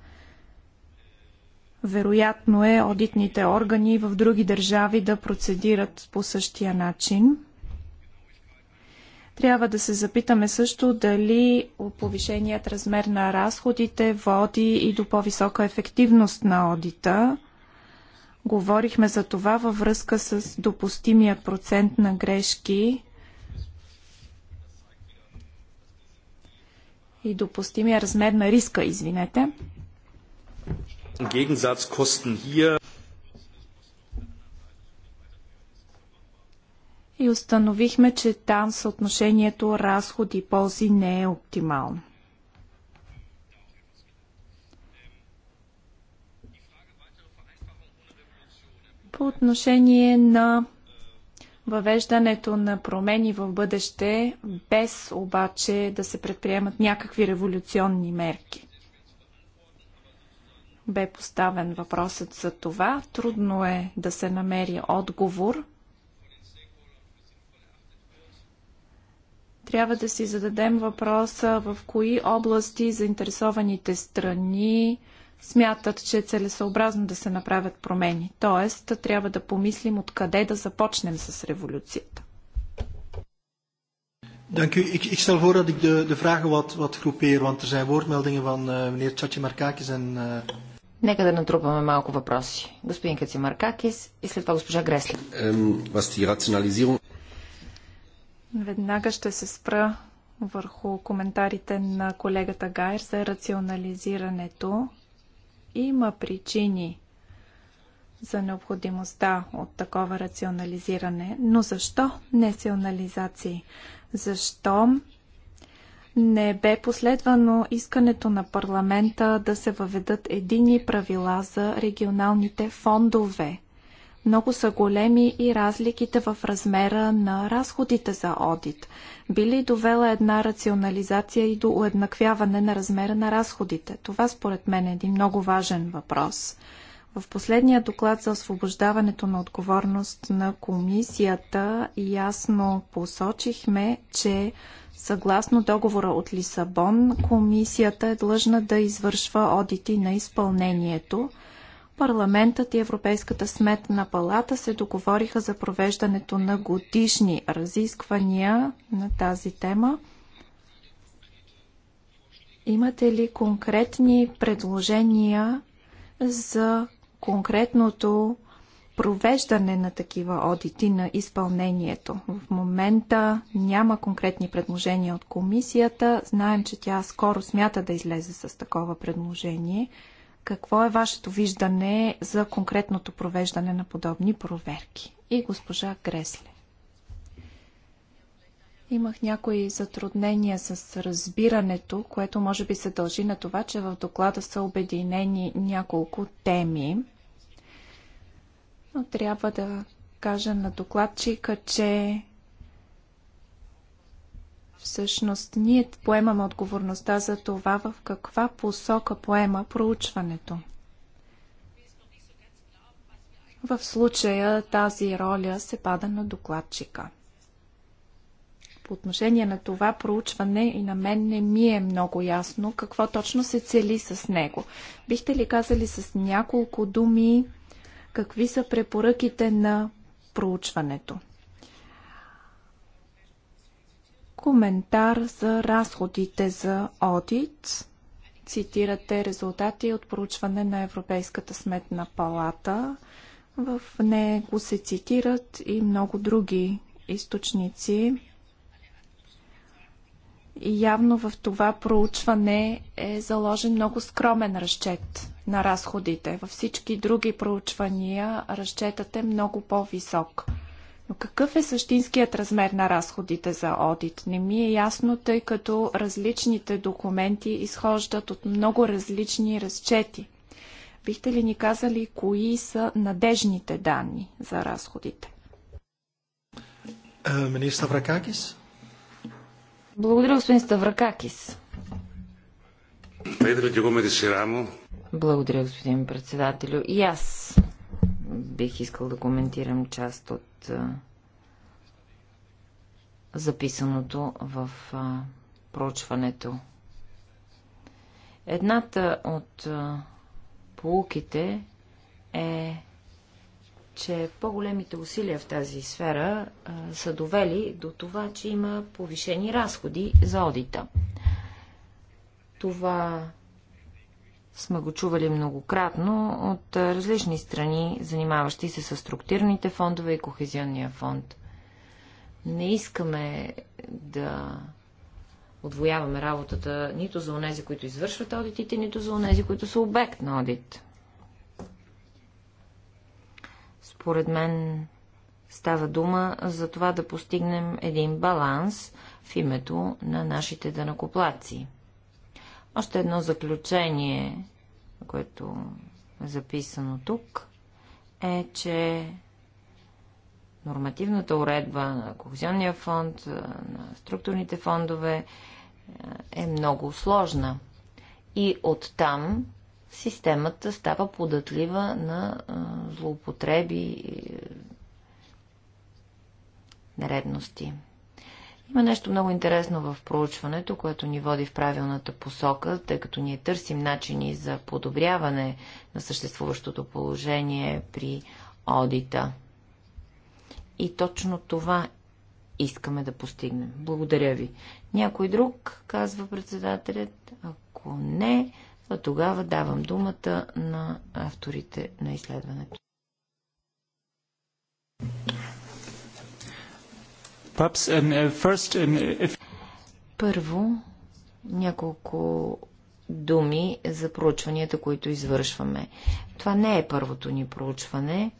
Вероятно е одитните органи в други държави да процедират по същия начин. Трябва да се запитаме също дали повишеният размер на разходите води и до по-висока ефективност на одита. Говорихме за това във връзка с допустимия процент на грешки. и допустимия размер на риска, извинете. И установихме, че там съотношението разходи-ползи не е оптимално. по отношение на въвеждането на промени в бъдеще, без обаче да се предприемат някакви революционни мерки. Бе поставен въпросът за това. Трудно е да се намери отговор. Трябва да си зададем въпроса в кои области заинтересованите страни, смятат, че е целесообразно да се направят промени. Тоест, трябва да помислим откъде да започнем с революцията. Dank u. Ik, ik stel voor dat ik de, de vragen wat, wat groepeer, want er zijn woordmeldingen van uh, meneer en... Uh... Нека да натрупаме малко въпроси. Господин Кацимаркакис и след това госпожа Гресли. Веднага ще се спра върху коментарите на колегата Гайер за рационализирането. Има причини за необходимостта от такова рационализиране, но защо национализации? Защо не бе последвано искането на парламента да се въведат едини правила за регионалните фондове? Много са големи и разликите в размера на разходите за одит. Би ли довела една рационализация и до уеднаквяване на размера на разходите? Това според мен е един много важен въпрос. В последния доклад за освобождаването на отговорност на комисията ясно посочихме, че съгласно договора от Лисабон, комисията е длъжна да извършва одити на изпълнението – парламентът и Европейската сметна палата се договориха за провеждането на годишни разисквания на тази тема. Имате ли конкретни предложения за конкретното провеждане на такива одити на изпълнението. В момента няма конкретни предложения от комисията. Знаем, че тя скоро смята да излезе с такова предложение. Какво е вашето виждане за конкретното провеждане на подобни проверки? И госпожа Гресле. Имах някои затруднения с разбирането, което може би се дължи на това, че в доклада са обединени няколко теми. Но трябва да кажа на докладчика, че Всъщност ние поемаме отговорността за това в каква посока поема проучването. В случая тази роля се пада на докладчика. По отношение на това проучване и на мен не ми е много ясно какво точно се цели с него. Бихте ли казали с няколко думи какви са препоръките на проучването? коментар за разходите за одит. Цитирате резултати от проучване на Европейската сметна палата. В него се цитират и много други източници. И явно в това проучване е заложен много скромен разчет на разходите. Във всички други проучвания разчетът е много по-висок – но какъв е същинският размер на разходите за одит? Не ми е ясно, тъй като различните документи изхождат от много различни разчети. Бихте ли ни казали кои са надежните данни за разходите? Е, министър Вракакис. Благодаря, господин Ставракакис. Благодаря, господин председателю. И аз бих искал да коментирам част от записаното в проучването. Едната от полуките е, че по-големите усилия в тази сфера а, са довели до това, че има повишени разходи за одита. Това сме го чували многократно от различни страни, занимаващи се с структурните фондове и кохезионния фонд. Не искаме да отвояваме работата нито за онези, които извършват аудитите, нито за онези, които са обект на аудит. Според мен става дума за това да постигнем един баланс в името на нашите данакоплаци. Още едно заключение, което е записано тук, е, че нормативната уредба на Кохезионния фонд, на структурните фондове е много сложна. И оттам системата става податлива на злоупотреби и нередности. Има нещо много интересно в проучването, което ни води в правилната посока, тъй като ние търсим начини за подобряване на съществуващото положение при одита. И точно това искаме да постигнем. Благодаря ви. Някой друг, казва председателят, ако не, а тогава давам думата на авторите на изследването. Um, uh, um, Първо, няколко думи за проучванията, които извършваме. Това не е първото ни проучване.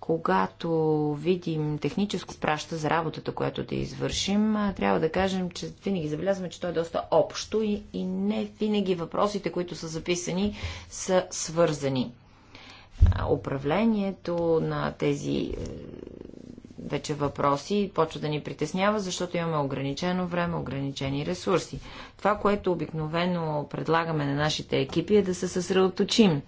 Когато видим техническо праща за работата, която да извършим, трябва да кажем, че винаги забелязваме, че то е доста общо и, и не винаги въпросите, които са записани, са свързани управлението на тези е, вече въпроси и почва да ни притеснява, защото имаме ограничено време, ограничени ресурси. Това, което обикновено предлагаме на нашите екипи е да се съсредоточим.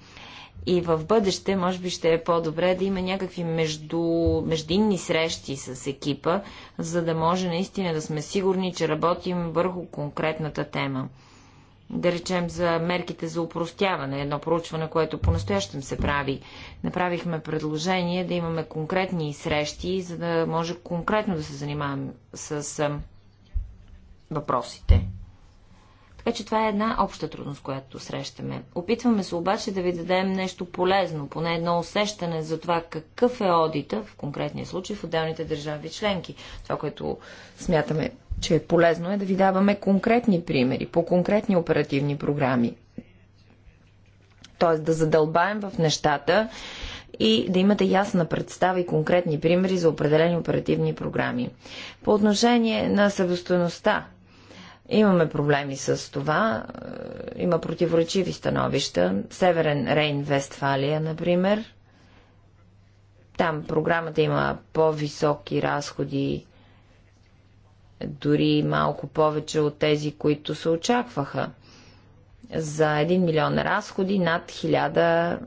И в бъдеще, може би, ще е по-добре да има някакви между, междинни срещи с екипа, за да може наистина да сме сигурни, че работим върху конкретната тема да речем, за мерките за упростяване, едно проучване, което по-настоящем се прави. Направихме предложение да имаме конкретни срещи, за да може конкретно да се занимаваме с а, въпросите. Така че това е една обща трудност, която срещаме. Опитваме се обаче да ви дадем нещо полезно, поне едно усещане за това какъв е одита, в конкретния случай в отделните държави членки. Това, което смятаме че е полезно е да ви даваме конкретни примери по конкретни оперативни програми. Тоест да задълбаем в нещата и да имате ясна представа и конкретни примери за определени оперативни програми. По отношение на себестоеността, имаме проблеми с това. Е, има противоречиви становища. Северен Рейн, Вестфалия, например. Там програмата има по-високи разходи дори малко повече от тези, които се очакваха. За 1 милион разходи над 1000,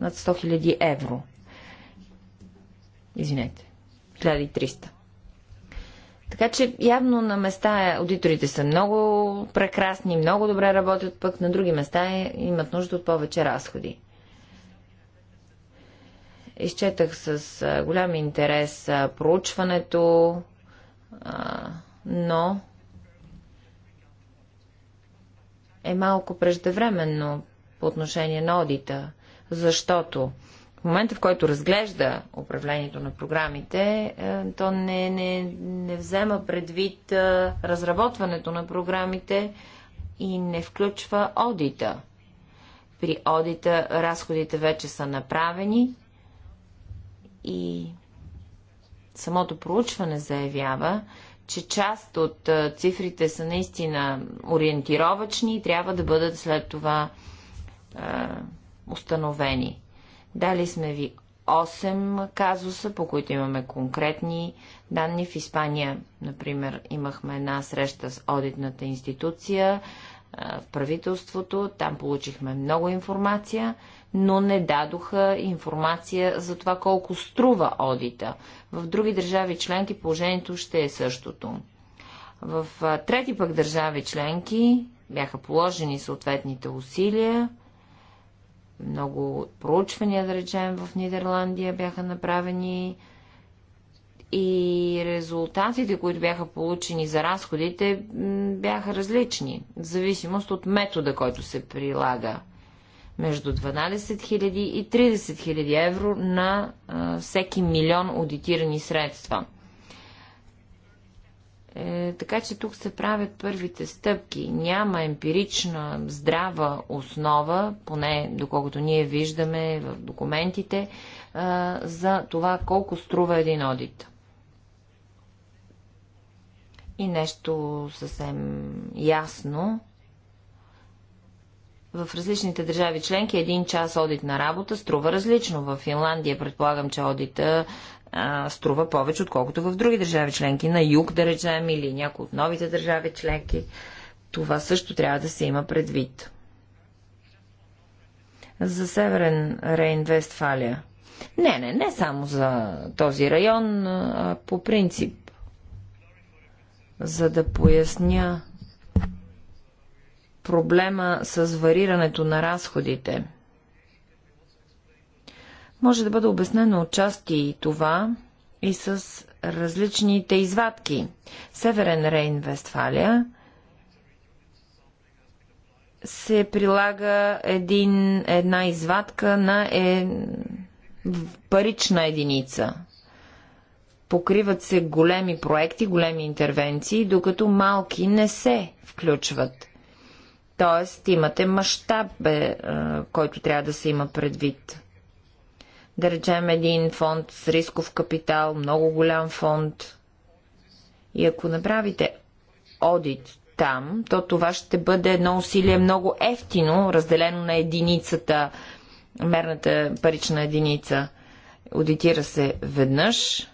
над 100 хиляди евро. Извинете, 1300. Така че явно на места е, аудиторите са много прекрасни, много добре работят, пък на други места е, имат нужда от повече разходи. Изчетах с голям интерес проучването, но е малко преждевременно по отношение на одита, защото в момента, в който разглежда управлението на програмите, е, то не, не, не взема предвид е, разработването на програмите и не включва одита. При одита разходите вече са направени и самото проучване заявява, че част от цифрите са наистина ориентировачни и трябва да бъдат след това е, установени. Дали сме ви 8 казуса, по които имаме конкретни данни. В Испания, например, имахме една среща с одитната институция е, в правителството. Там получихме много информация но не дадоха информация за това колко струва одита. В други държави членки положението ще е същото. В трети пък държави членки бяха положени съответните усилия, много проучвания, да речем, в Нидерландия бяха направени и резултатите, които бяха получени за разходите, бяха различни, в зависимост от метода, който се прилага между 12 000 и 30 000 евро на а, всеки милион аудитирани средства. Е, така че тук се правят първите стъпки. Няма емпирична здрава основа, поне доколкото ние виждаме в документите, а, за това колко струва един одит. И нещо съвсем ясно в различните държави членки един час одит на работа струва различно. В Финландия предполагам, че одита а, струва повече, отколкото в други държави членки. На юг, да речем, или някои от новите държави членки. Това също трябва да се има предвид. За Северен Рейн-Вестфалия. Не, не, не само за този район, а по принцип. За да поясня проблема с варирането на разходите. Може да бъде обяснено отчасти и това и с различните извадки. Северен Рейн, Вестфалия се прилага един, една извадка на е, парична единица. Покриват се големи проекти, големи интервенции, докато малки не се включват. Тоест имате мащаб, който трябва да се има предвид. Да речем един фонд с рисков капитал, много голям фонд. И ако направите одит там, то това ще бъде едно усилие много ефтино, разделено на единицата, мерната парична единица. Одитира се веднъж.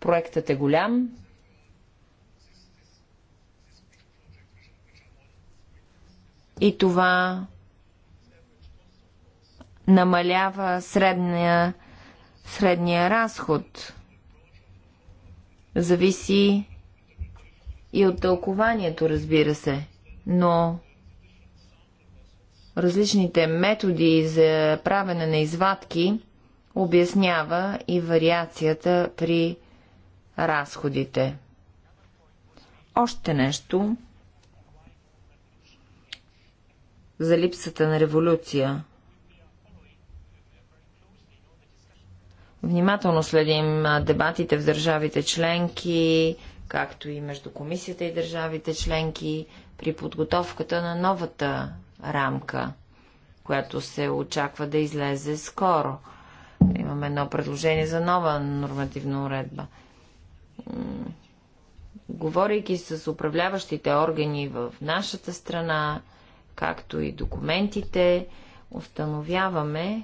Проектът е голям, и това намалява средния, средния разход. Зависи и от тълкованието, разбира се, но различните методи за правене на извадки обяснява и вариацията при разходите. Още нещо за липсата на революция. Внимателно следим дебатите в държавите членки, както и между комисията и държавите членки при подготовката на новата рамка, която се очаква да излезе скоро. Имаме едно предложение за нова нормативна уредба. Говорейки с управляващите органи в нашата страна, както и документите, установяваме,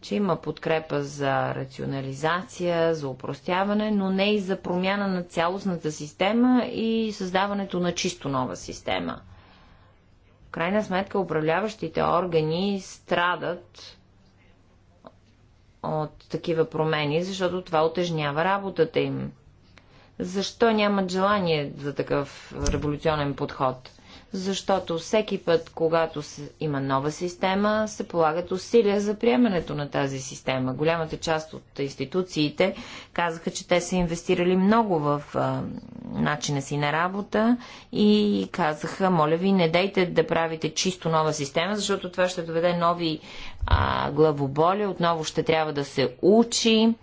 че има подкрепа за рационализация, за упростяване, но не и за промяна на цялостната система и създаването на чисто нова система. В крайна сметка управляващите органи страдат от такива промени, защото това отежнява работата им. Защо нямат желание за такъв революционен подход? защото всеки път, когато има нова система, се полагат усилия за приемането на тази система. Голямата част от институциите казаха, че те са инвестирали много в начина си на работа и казаха, моля ви, не дейте да правите чисто нова система, защото това ще доведе нови а, главоболи, отново ще трябва да се учи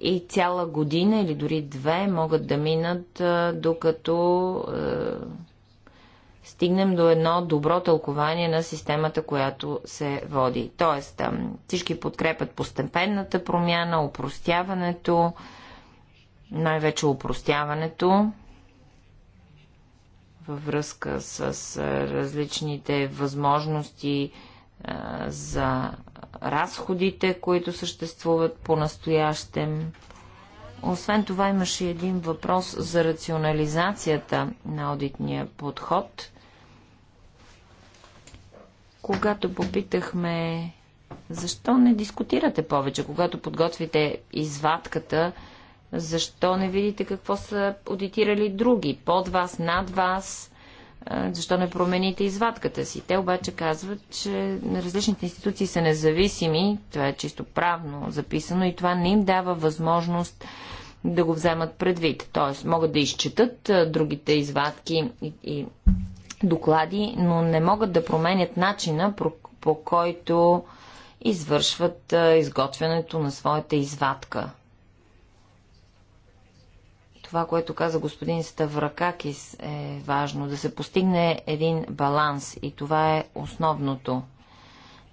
и цяла година или дори две могат да минат, докато стигнем до едно добро тълкование на системата, която се води. Тоест, всички подкрепят постепенната промяна, упростяването, най-вече упростяването във връзка с различните възможности за разходите, които съществуват по-настоящем освен това имаше един въпрос за рационализацията на аудитния подход. Когато попитахме защо не дискутирате повече, когато подготвите извадката, защо не видите какво са аудитирали други, под вас, над вас, защо не промените извадката си. Те обаче казват, че различните институции са независими, това е чисто правно записано и това не им дава възможност да го вземат предвид. Т.е. могат да изчетат другите извадки и, и доклади, но не могат да променят начина по, по който извършват изготвянето на своята извадка. Това, което каза господин Ставракакис е важно, да се постигне един баланс и това е основното.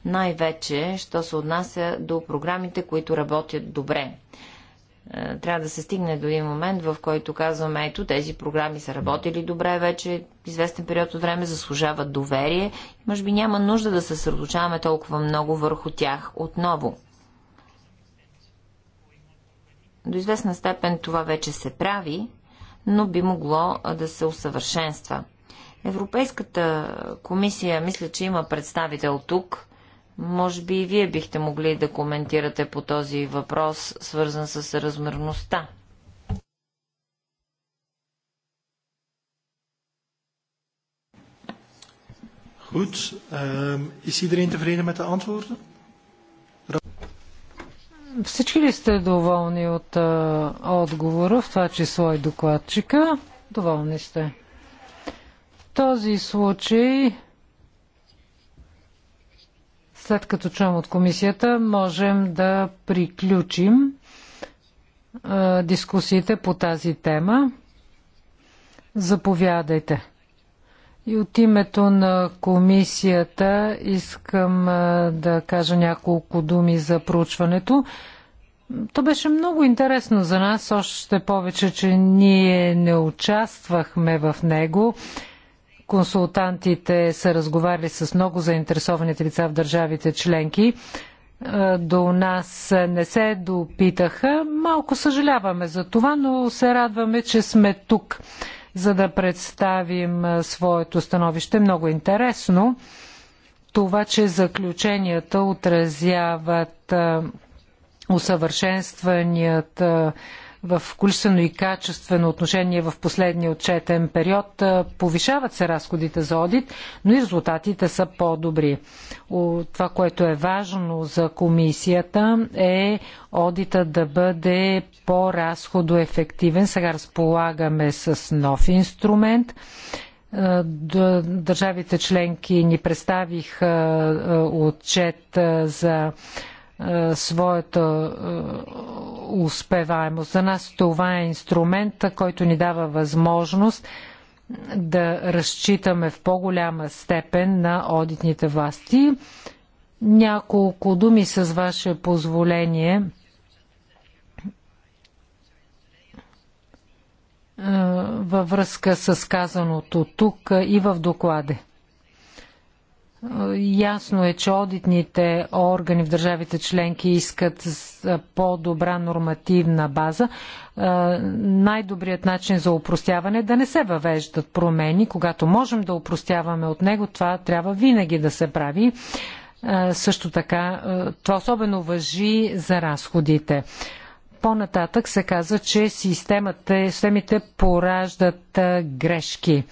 Най-вече, що се отнася до програмите, които работят добре. Е, трябва да се стигне до един момент, в който казваме, ето тези програми са работили добре вече, известен период от време заслужават доверие и може би няма нужда да се съсредоточаваме толкова много върху тях отново. До известна степен това вече се прави, но би могло да се усъвършенства. Европейската комисия мисля, че има представител тук. Може би и вие бихте могли да коментирате по този въпрос, свързан с размерността. Goed. Um, is iedereen tevreden met de antwoorden? Всички ли сте доволни от а, е, отговора, в това число и докладчика? Доволни сте. В този случай след като чуем от комисията, можем да приключим а, дискусиите по тази тема. Заповядайте. И от името на комисията искам да кажа няколко думи за проучването. То беше много интересно за нас, още повече, че ние не участвахме в него Консултантите са разговаряли с много заинтересованите лица в държавите членки. Е, до нас не се допитаха. Малко съжаляваме за това, но се радваме, че сме тук, за да представим е, своето становище. Много интересно това, че заключенията отразяват е, усъвършенстваният в количествено и качествено отношение в последния отчетен период. Повишават се разходите за одит, но и резултатите са по-добри. Това, което е важно за комисията е одита да бъде по-разходоефективен. Сега разполагаме с нов инструмент държавите членки ни представих отчет за е, своята е, успеваемост. За нас това е инструмента, който ни дава възможност да разчитаме в по-голяма степен на одитните власти. Няколко думи с ваше позволение. Е, във връзка с казаното тук и в докладе. Ясно е, че одитните органи в държавите членки искат по-добра нормативна база. Е, най-добрият начин за упростяване е да не се въвеждат промени. Когато можем да упростяваме от него, това трябва винаги да се прави. Е, също така, е, това особено въжи за разходите. По-нататък се каза, че системите пораждат грешки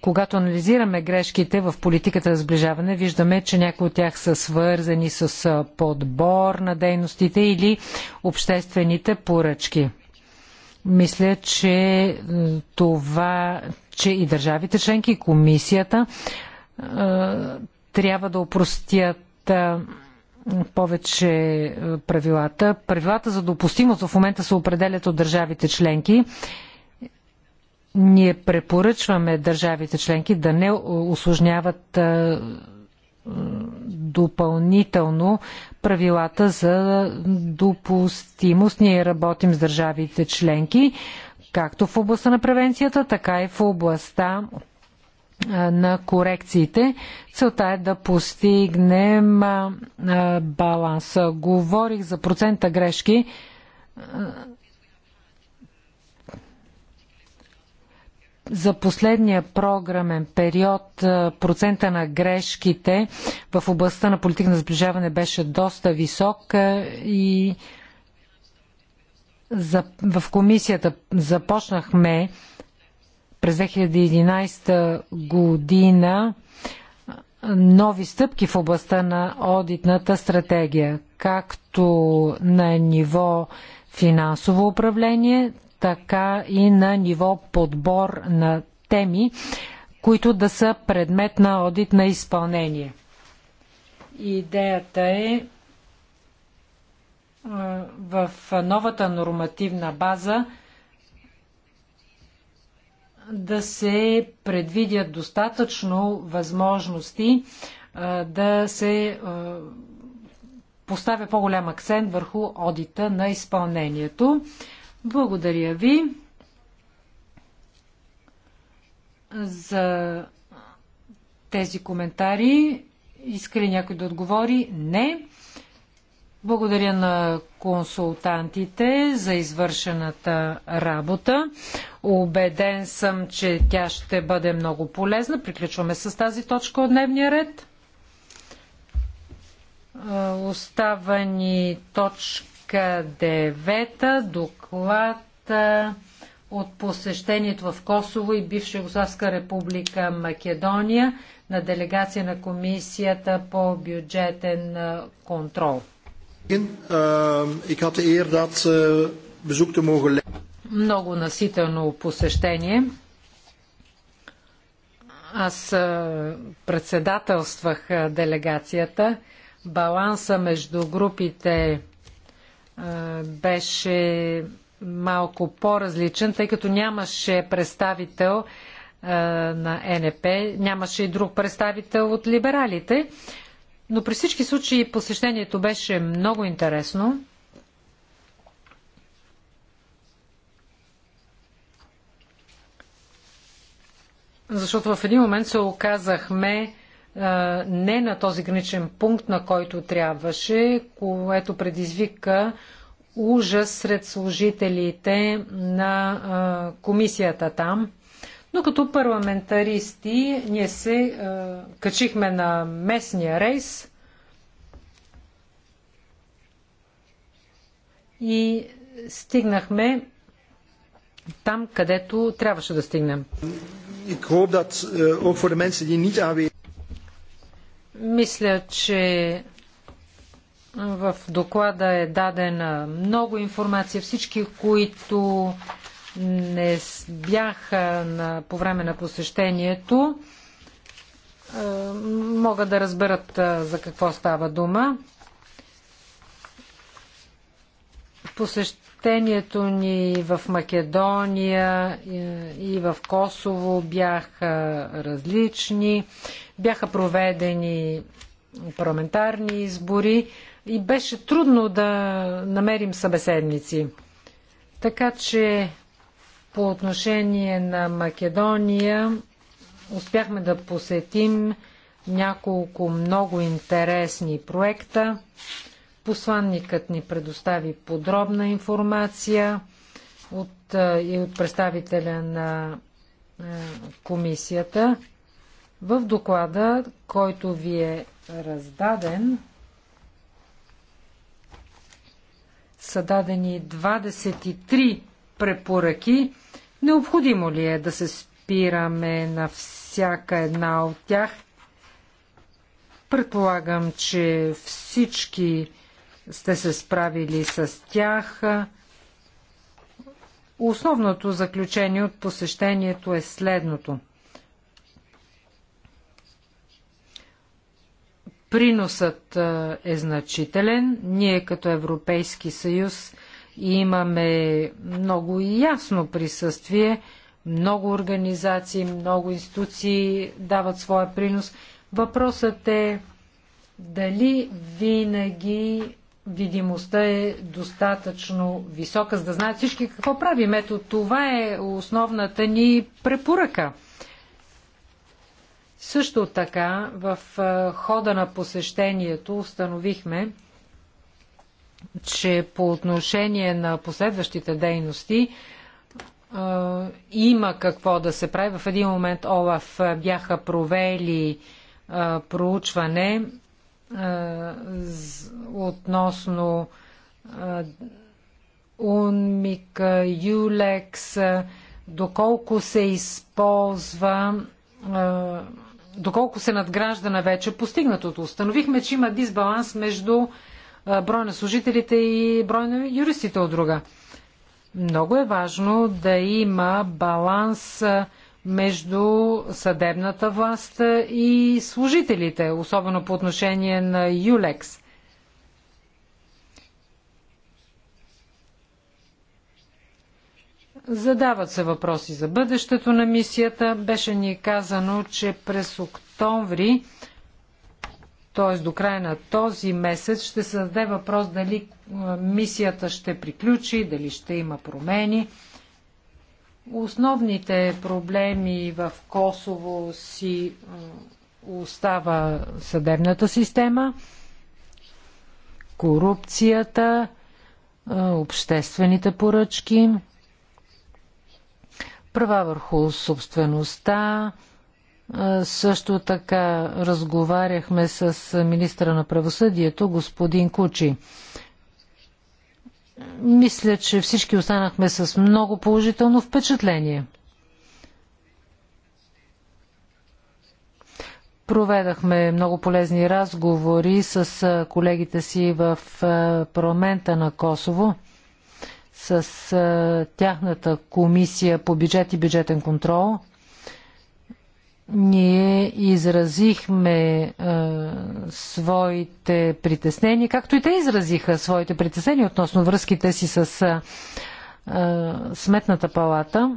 когато анализираме грешките в политиката за сближаване, виждаме, че някои от тях са свързани с подбор на дейностите или обществените поръчки. Мисля, че това, че и държавите членки, и комисията трябва да опростят повече правилата. Правилата за допустимост в момента се определят от държавите членки ние препоръчваме държавите членки да не осложняват допълнително правилата за допустимост. Ние работим с държавите членки, както в областта на превенцията, така и в областта на корекциите. Целта е да постигнем баланса. Говорих за процента грешки. за последния програмен период процента на грешките в областта на политика на сближаване беше доста висок и за, в комисията започнахме през 2011 година нови стъпки в областта на одитната стратегия, както на ниво финансово управление, така и на ниво подбор на теми, които да са предмет на одит на изпълнение. Идеята е в новата нормативна база да се предвидят достатъчно възможности да се поставя по-голям акцент върху одита на изпълнението. Благодаря ви за тези коментари. Иска ли някой да отговори? Не. Благодаря на консултантите за извършената работа. Обеден съм, че тя ще бъде много полезна. Приключваме с тази точка от дневния ред. Остава ни точка 9. Доклад доклад от посещението в Косово и бивша Югославска република Македония на делегация на Комисията по бюджетен контрол. Много насително посещение. Аз председателствах делегацията. Баланса между групите беше малко по-различен, тъй като нямаше представител на НП, нямаше и друг представител от либералите. Но при всички случаи посещението беше много интересно. Защото в един момент се оказахме не на този граничен пункт, на който трябваше, което предизвика ужас сред служителите на комисията там. Но като парламентаристи ние се качихме на местния рейс и стигнахме там, където трябваше да стигнем. Ik hoop dat eh, ook voor de mensen die niet aanwezig мисля, че в доклада е дадена много информация. Всички, които не бяха на, по време на посещението, е, могат да разберат е, за какво става дума. Посещението ни в Македония е, и в Косово бяха различни. Бяха проведени парламентарни избори и беше трудно да намерим събеседници. Така че по отношение на Македония успяхме да посетим няколко много интересни проекта. Посланникът ни предостави подробна информация от, е, и от представителя на е, комисията. В доклада, който ви е раздаден, са дадени 23 препоръки. Необходимо ли е да се спираме на всяка една от тях? Предполагам, че всички сте се справили с тях. Основното заключение от посещението е следното. Приносът е значителен. Ние като Европейски съюз имаме много ясно присъствие. Много организации, много институции дават своя принос. Въпросът е дали винаги видимостта е достатъчно висока, за да знаят всички какво правим. Ето това е основната ни препоръка. Също така, в хода на посещението установихме, че по отношение на последващите дейности има какво да се прави. В един момент Олаф бяха провели проучване относно УНМИК, ЮЛЕКС, доколко се използва, доколко се надгражда на вече постигнатото. Установихме, че има дисбаланс между брой на служителите и брой на юристите от друга. Много е важно да има баланс между съдебната власт и служителите, особено по отношение на ЮЛЕКС. Задават се въпроси за бъдещето на мисията. Беше ни казано, че през октомври, т.е. до края на този месец, ще се даде въпрос дали мисията ще приключи, дали ще има промени. Основните проблеми в Косово си остава съдебната система, корупцията, обществените поръчки, права върху собствеността. Също така разговаряхме с министра на правосъдието господин Кучи. Мисля, че всички останахме с много положително впечатление. проведахме много полезни разговори с колегите си в парламента на Косово, с тяхната комисия по бюджет и бюджетен контрол ние изразихме а, своите притеснения, както и те изразиха своите притеснения относно връзките си с а, Сметната палата.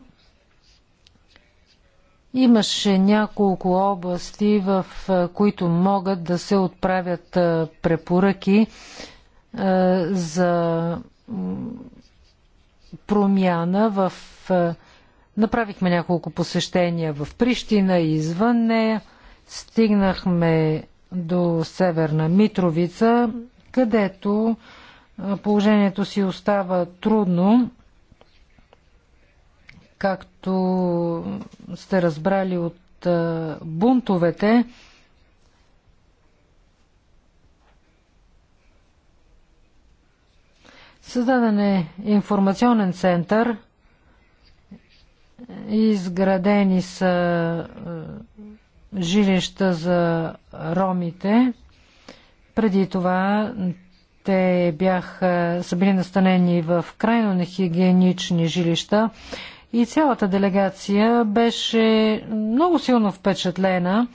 Имаше няколко области, в които могат да се отправят препоръки а, за промяна в. А, Направихме няколко посещения в Прищина и извън нея. Стигнахме до Северна Митровица, където положението си остава трудно. Както сте разбрали от бунтовете, създаден е информационен център – Изградени са е, жилища за ромите. Преди това те бяха, са били настанени в крайно нехигиенични жилища и цялата делегация беше много силно впечатлена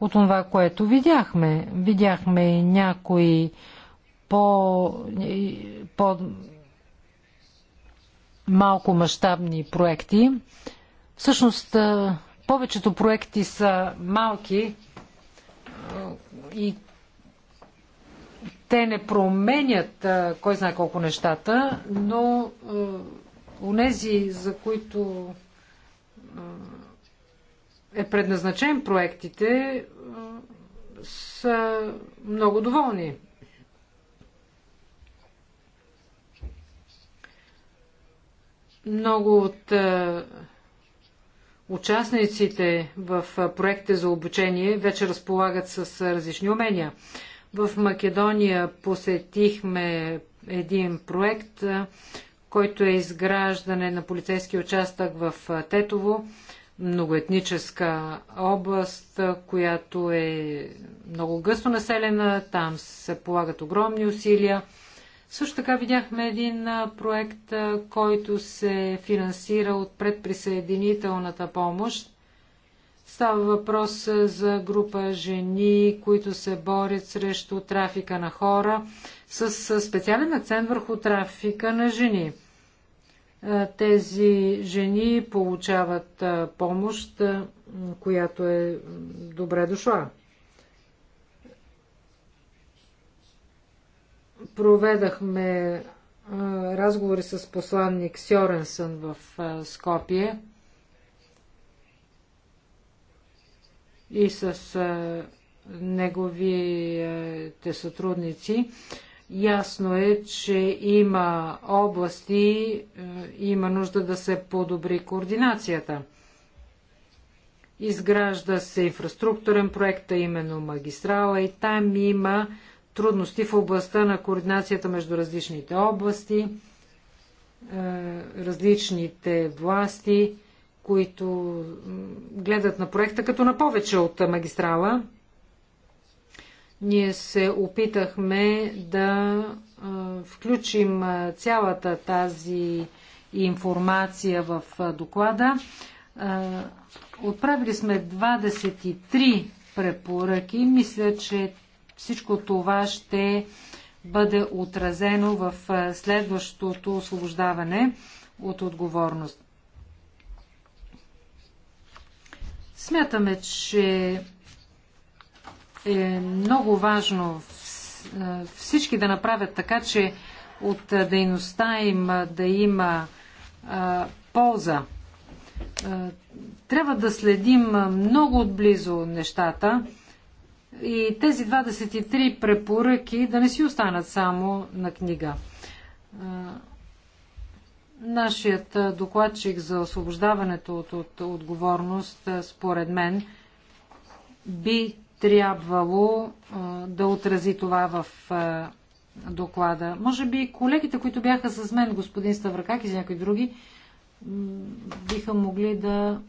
от това, което видяхме. Видяхме и някои по, по малко мащабни проекти, Всъщност, повечето проекти са малки и те не променят кой знае колко нещата, но онези, за които е предназначен проектите, са много доволни. Много от Участниците в проекта за обучение вече разполагат с различни умения. В Македония посетихме един проект, който е изграждане на полицейски участък в Тетово, многоетническа област, която е много гъсто населена. Там се полагат огромни усилия също така видяхме един проект, който се финансира от предприсъединителната помощ. Става въпрос за група жени, които се борят срещу трафика на хора, с специален акцент върху трафика на жени. Тези жени получават помощ, която е добре дошла. Проведахме разговори с посланник Сьоренсън в Скопие и с неговите сътрудници. Ясно е, че има области, има нужда да се подобри координацията. Изгражда се инфраструктурен проект, а именно магистрала и там има трудности в областта на координацията между различните области, е, различните власти, които гледат на проекта като на повече от магистрала. Ние се опитахме да е, включим е, цялата тази информация в доклада. Отправили сме 23 препоръки. Мисля, че всичко това ще бъде отразено в е, следващото освобождаване от отговорност. Смятаме, че е много важно е, всички да направят така, че от е, дейността им да има а, полза. А, трябва да следим много отблизо нещата и тези 23 препоръки да не си останат само на книга. Нашият докладчик за освобождаването от, от отговорност, според мен, би трябвало да отрази това в доклада. Може би колегите, които бяха с мен, господин Ставракак и за някои други, биха могли да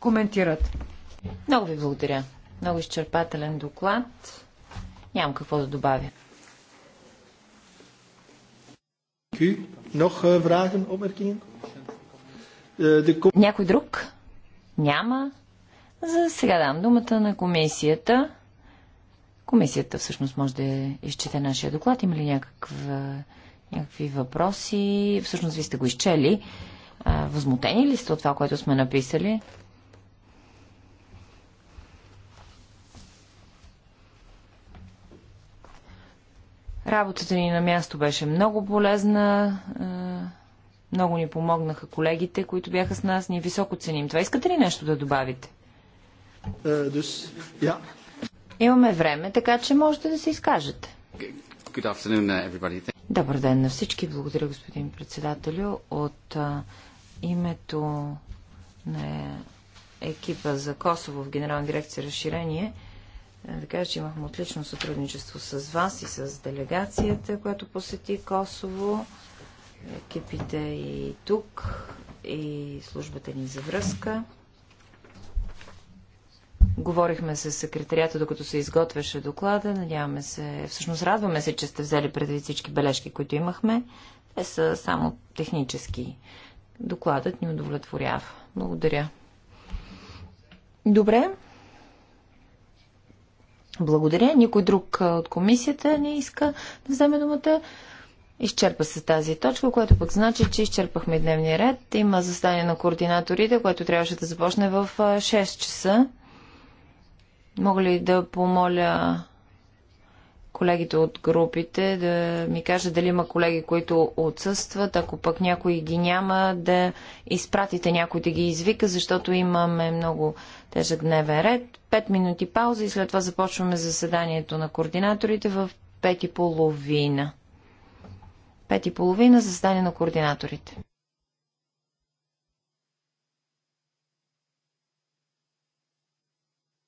коментират. Много ви благодаря. Много изчерпателен доклад. Нямам какво да добавя. Eh, eh, Някой друг? Няма. За сега дам думата на комисията. Комисията всъщност може да изчете нашия доклад. Има ли някаква, някакви въпроси? Всъщност ви сте го изчели. Възмутени ли сте от това, което сме написали? Работата ни на място беше много полезна. Много ни помогнаха колегите, които бяха с нас. Ние високо ценим това. Искате ли нещо да добавите? Е, uh, yeah. Имаме време, така че можете да се изкажете. Uh, Добър ден на всички. Благодаря, господин председателю. От името на екипа за Косово в Генерална дирекция Разширение – е, да кажа, че имахме отлично сътрудничество с вас и с делегацията, която посети Косово, екипите и тук, и службата ни за връзка. Говорихме с секретарията, докато се изготвяше доклада. Надяваме се, всъщност радваме се, че сте взели предвид всички бележки, които имахме. Те са само технически. Докладът ни удовлетворява. Благодаря. Добре. Благодаря. Никой друг от комисията не иска да вземе думата. Изчерпа се тази точка, което пък значи, че изчерпахме дневния ред. Има застание на координаторите, което трябваше да започне в 6 часа. Мога ли да помоля колегите от групите да ми кажат дали има колеги, които отсъстват, ако пък някой ги няма, да изпратите някой да ги извика, защото имаме много ежедневен ред. Пет минути пауза и след това започваме заседанието на координаторите в пет и половина. Пет и половина заседание на координаторите.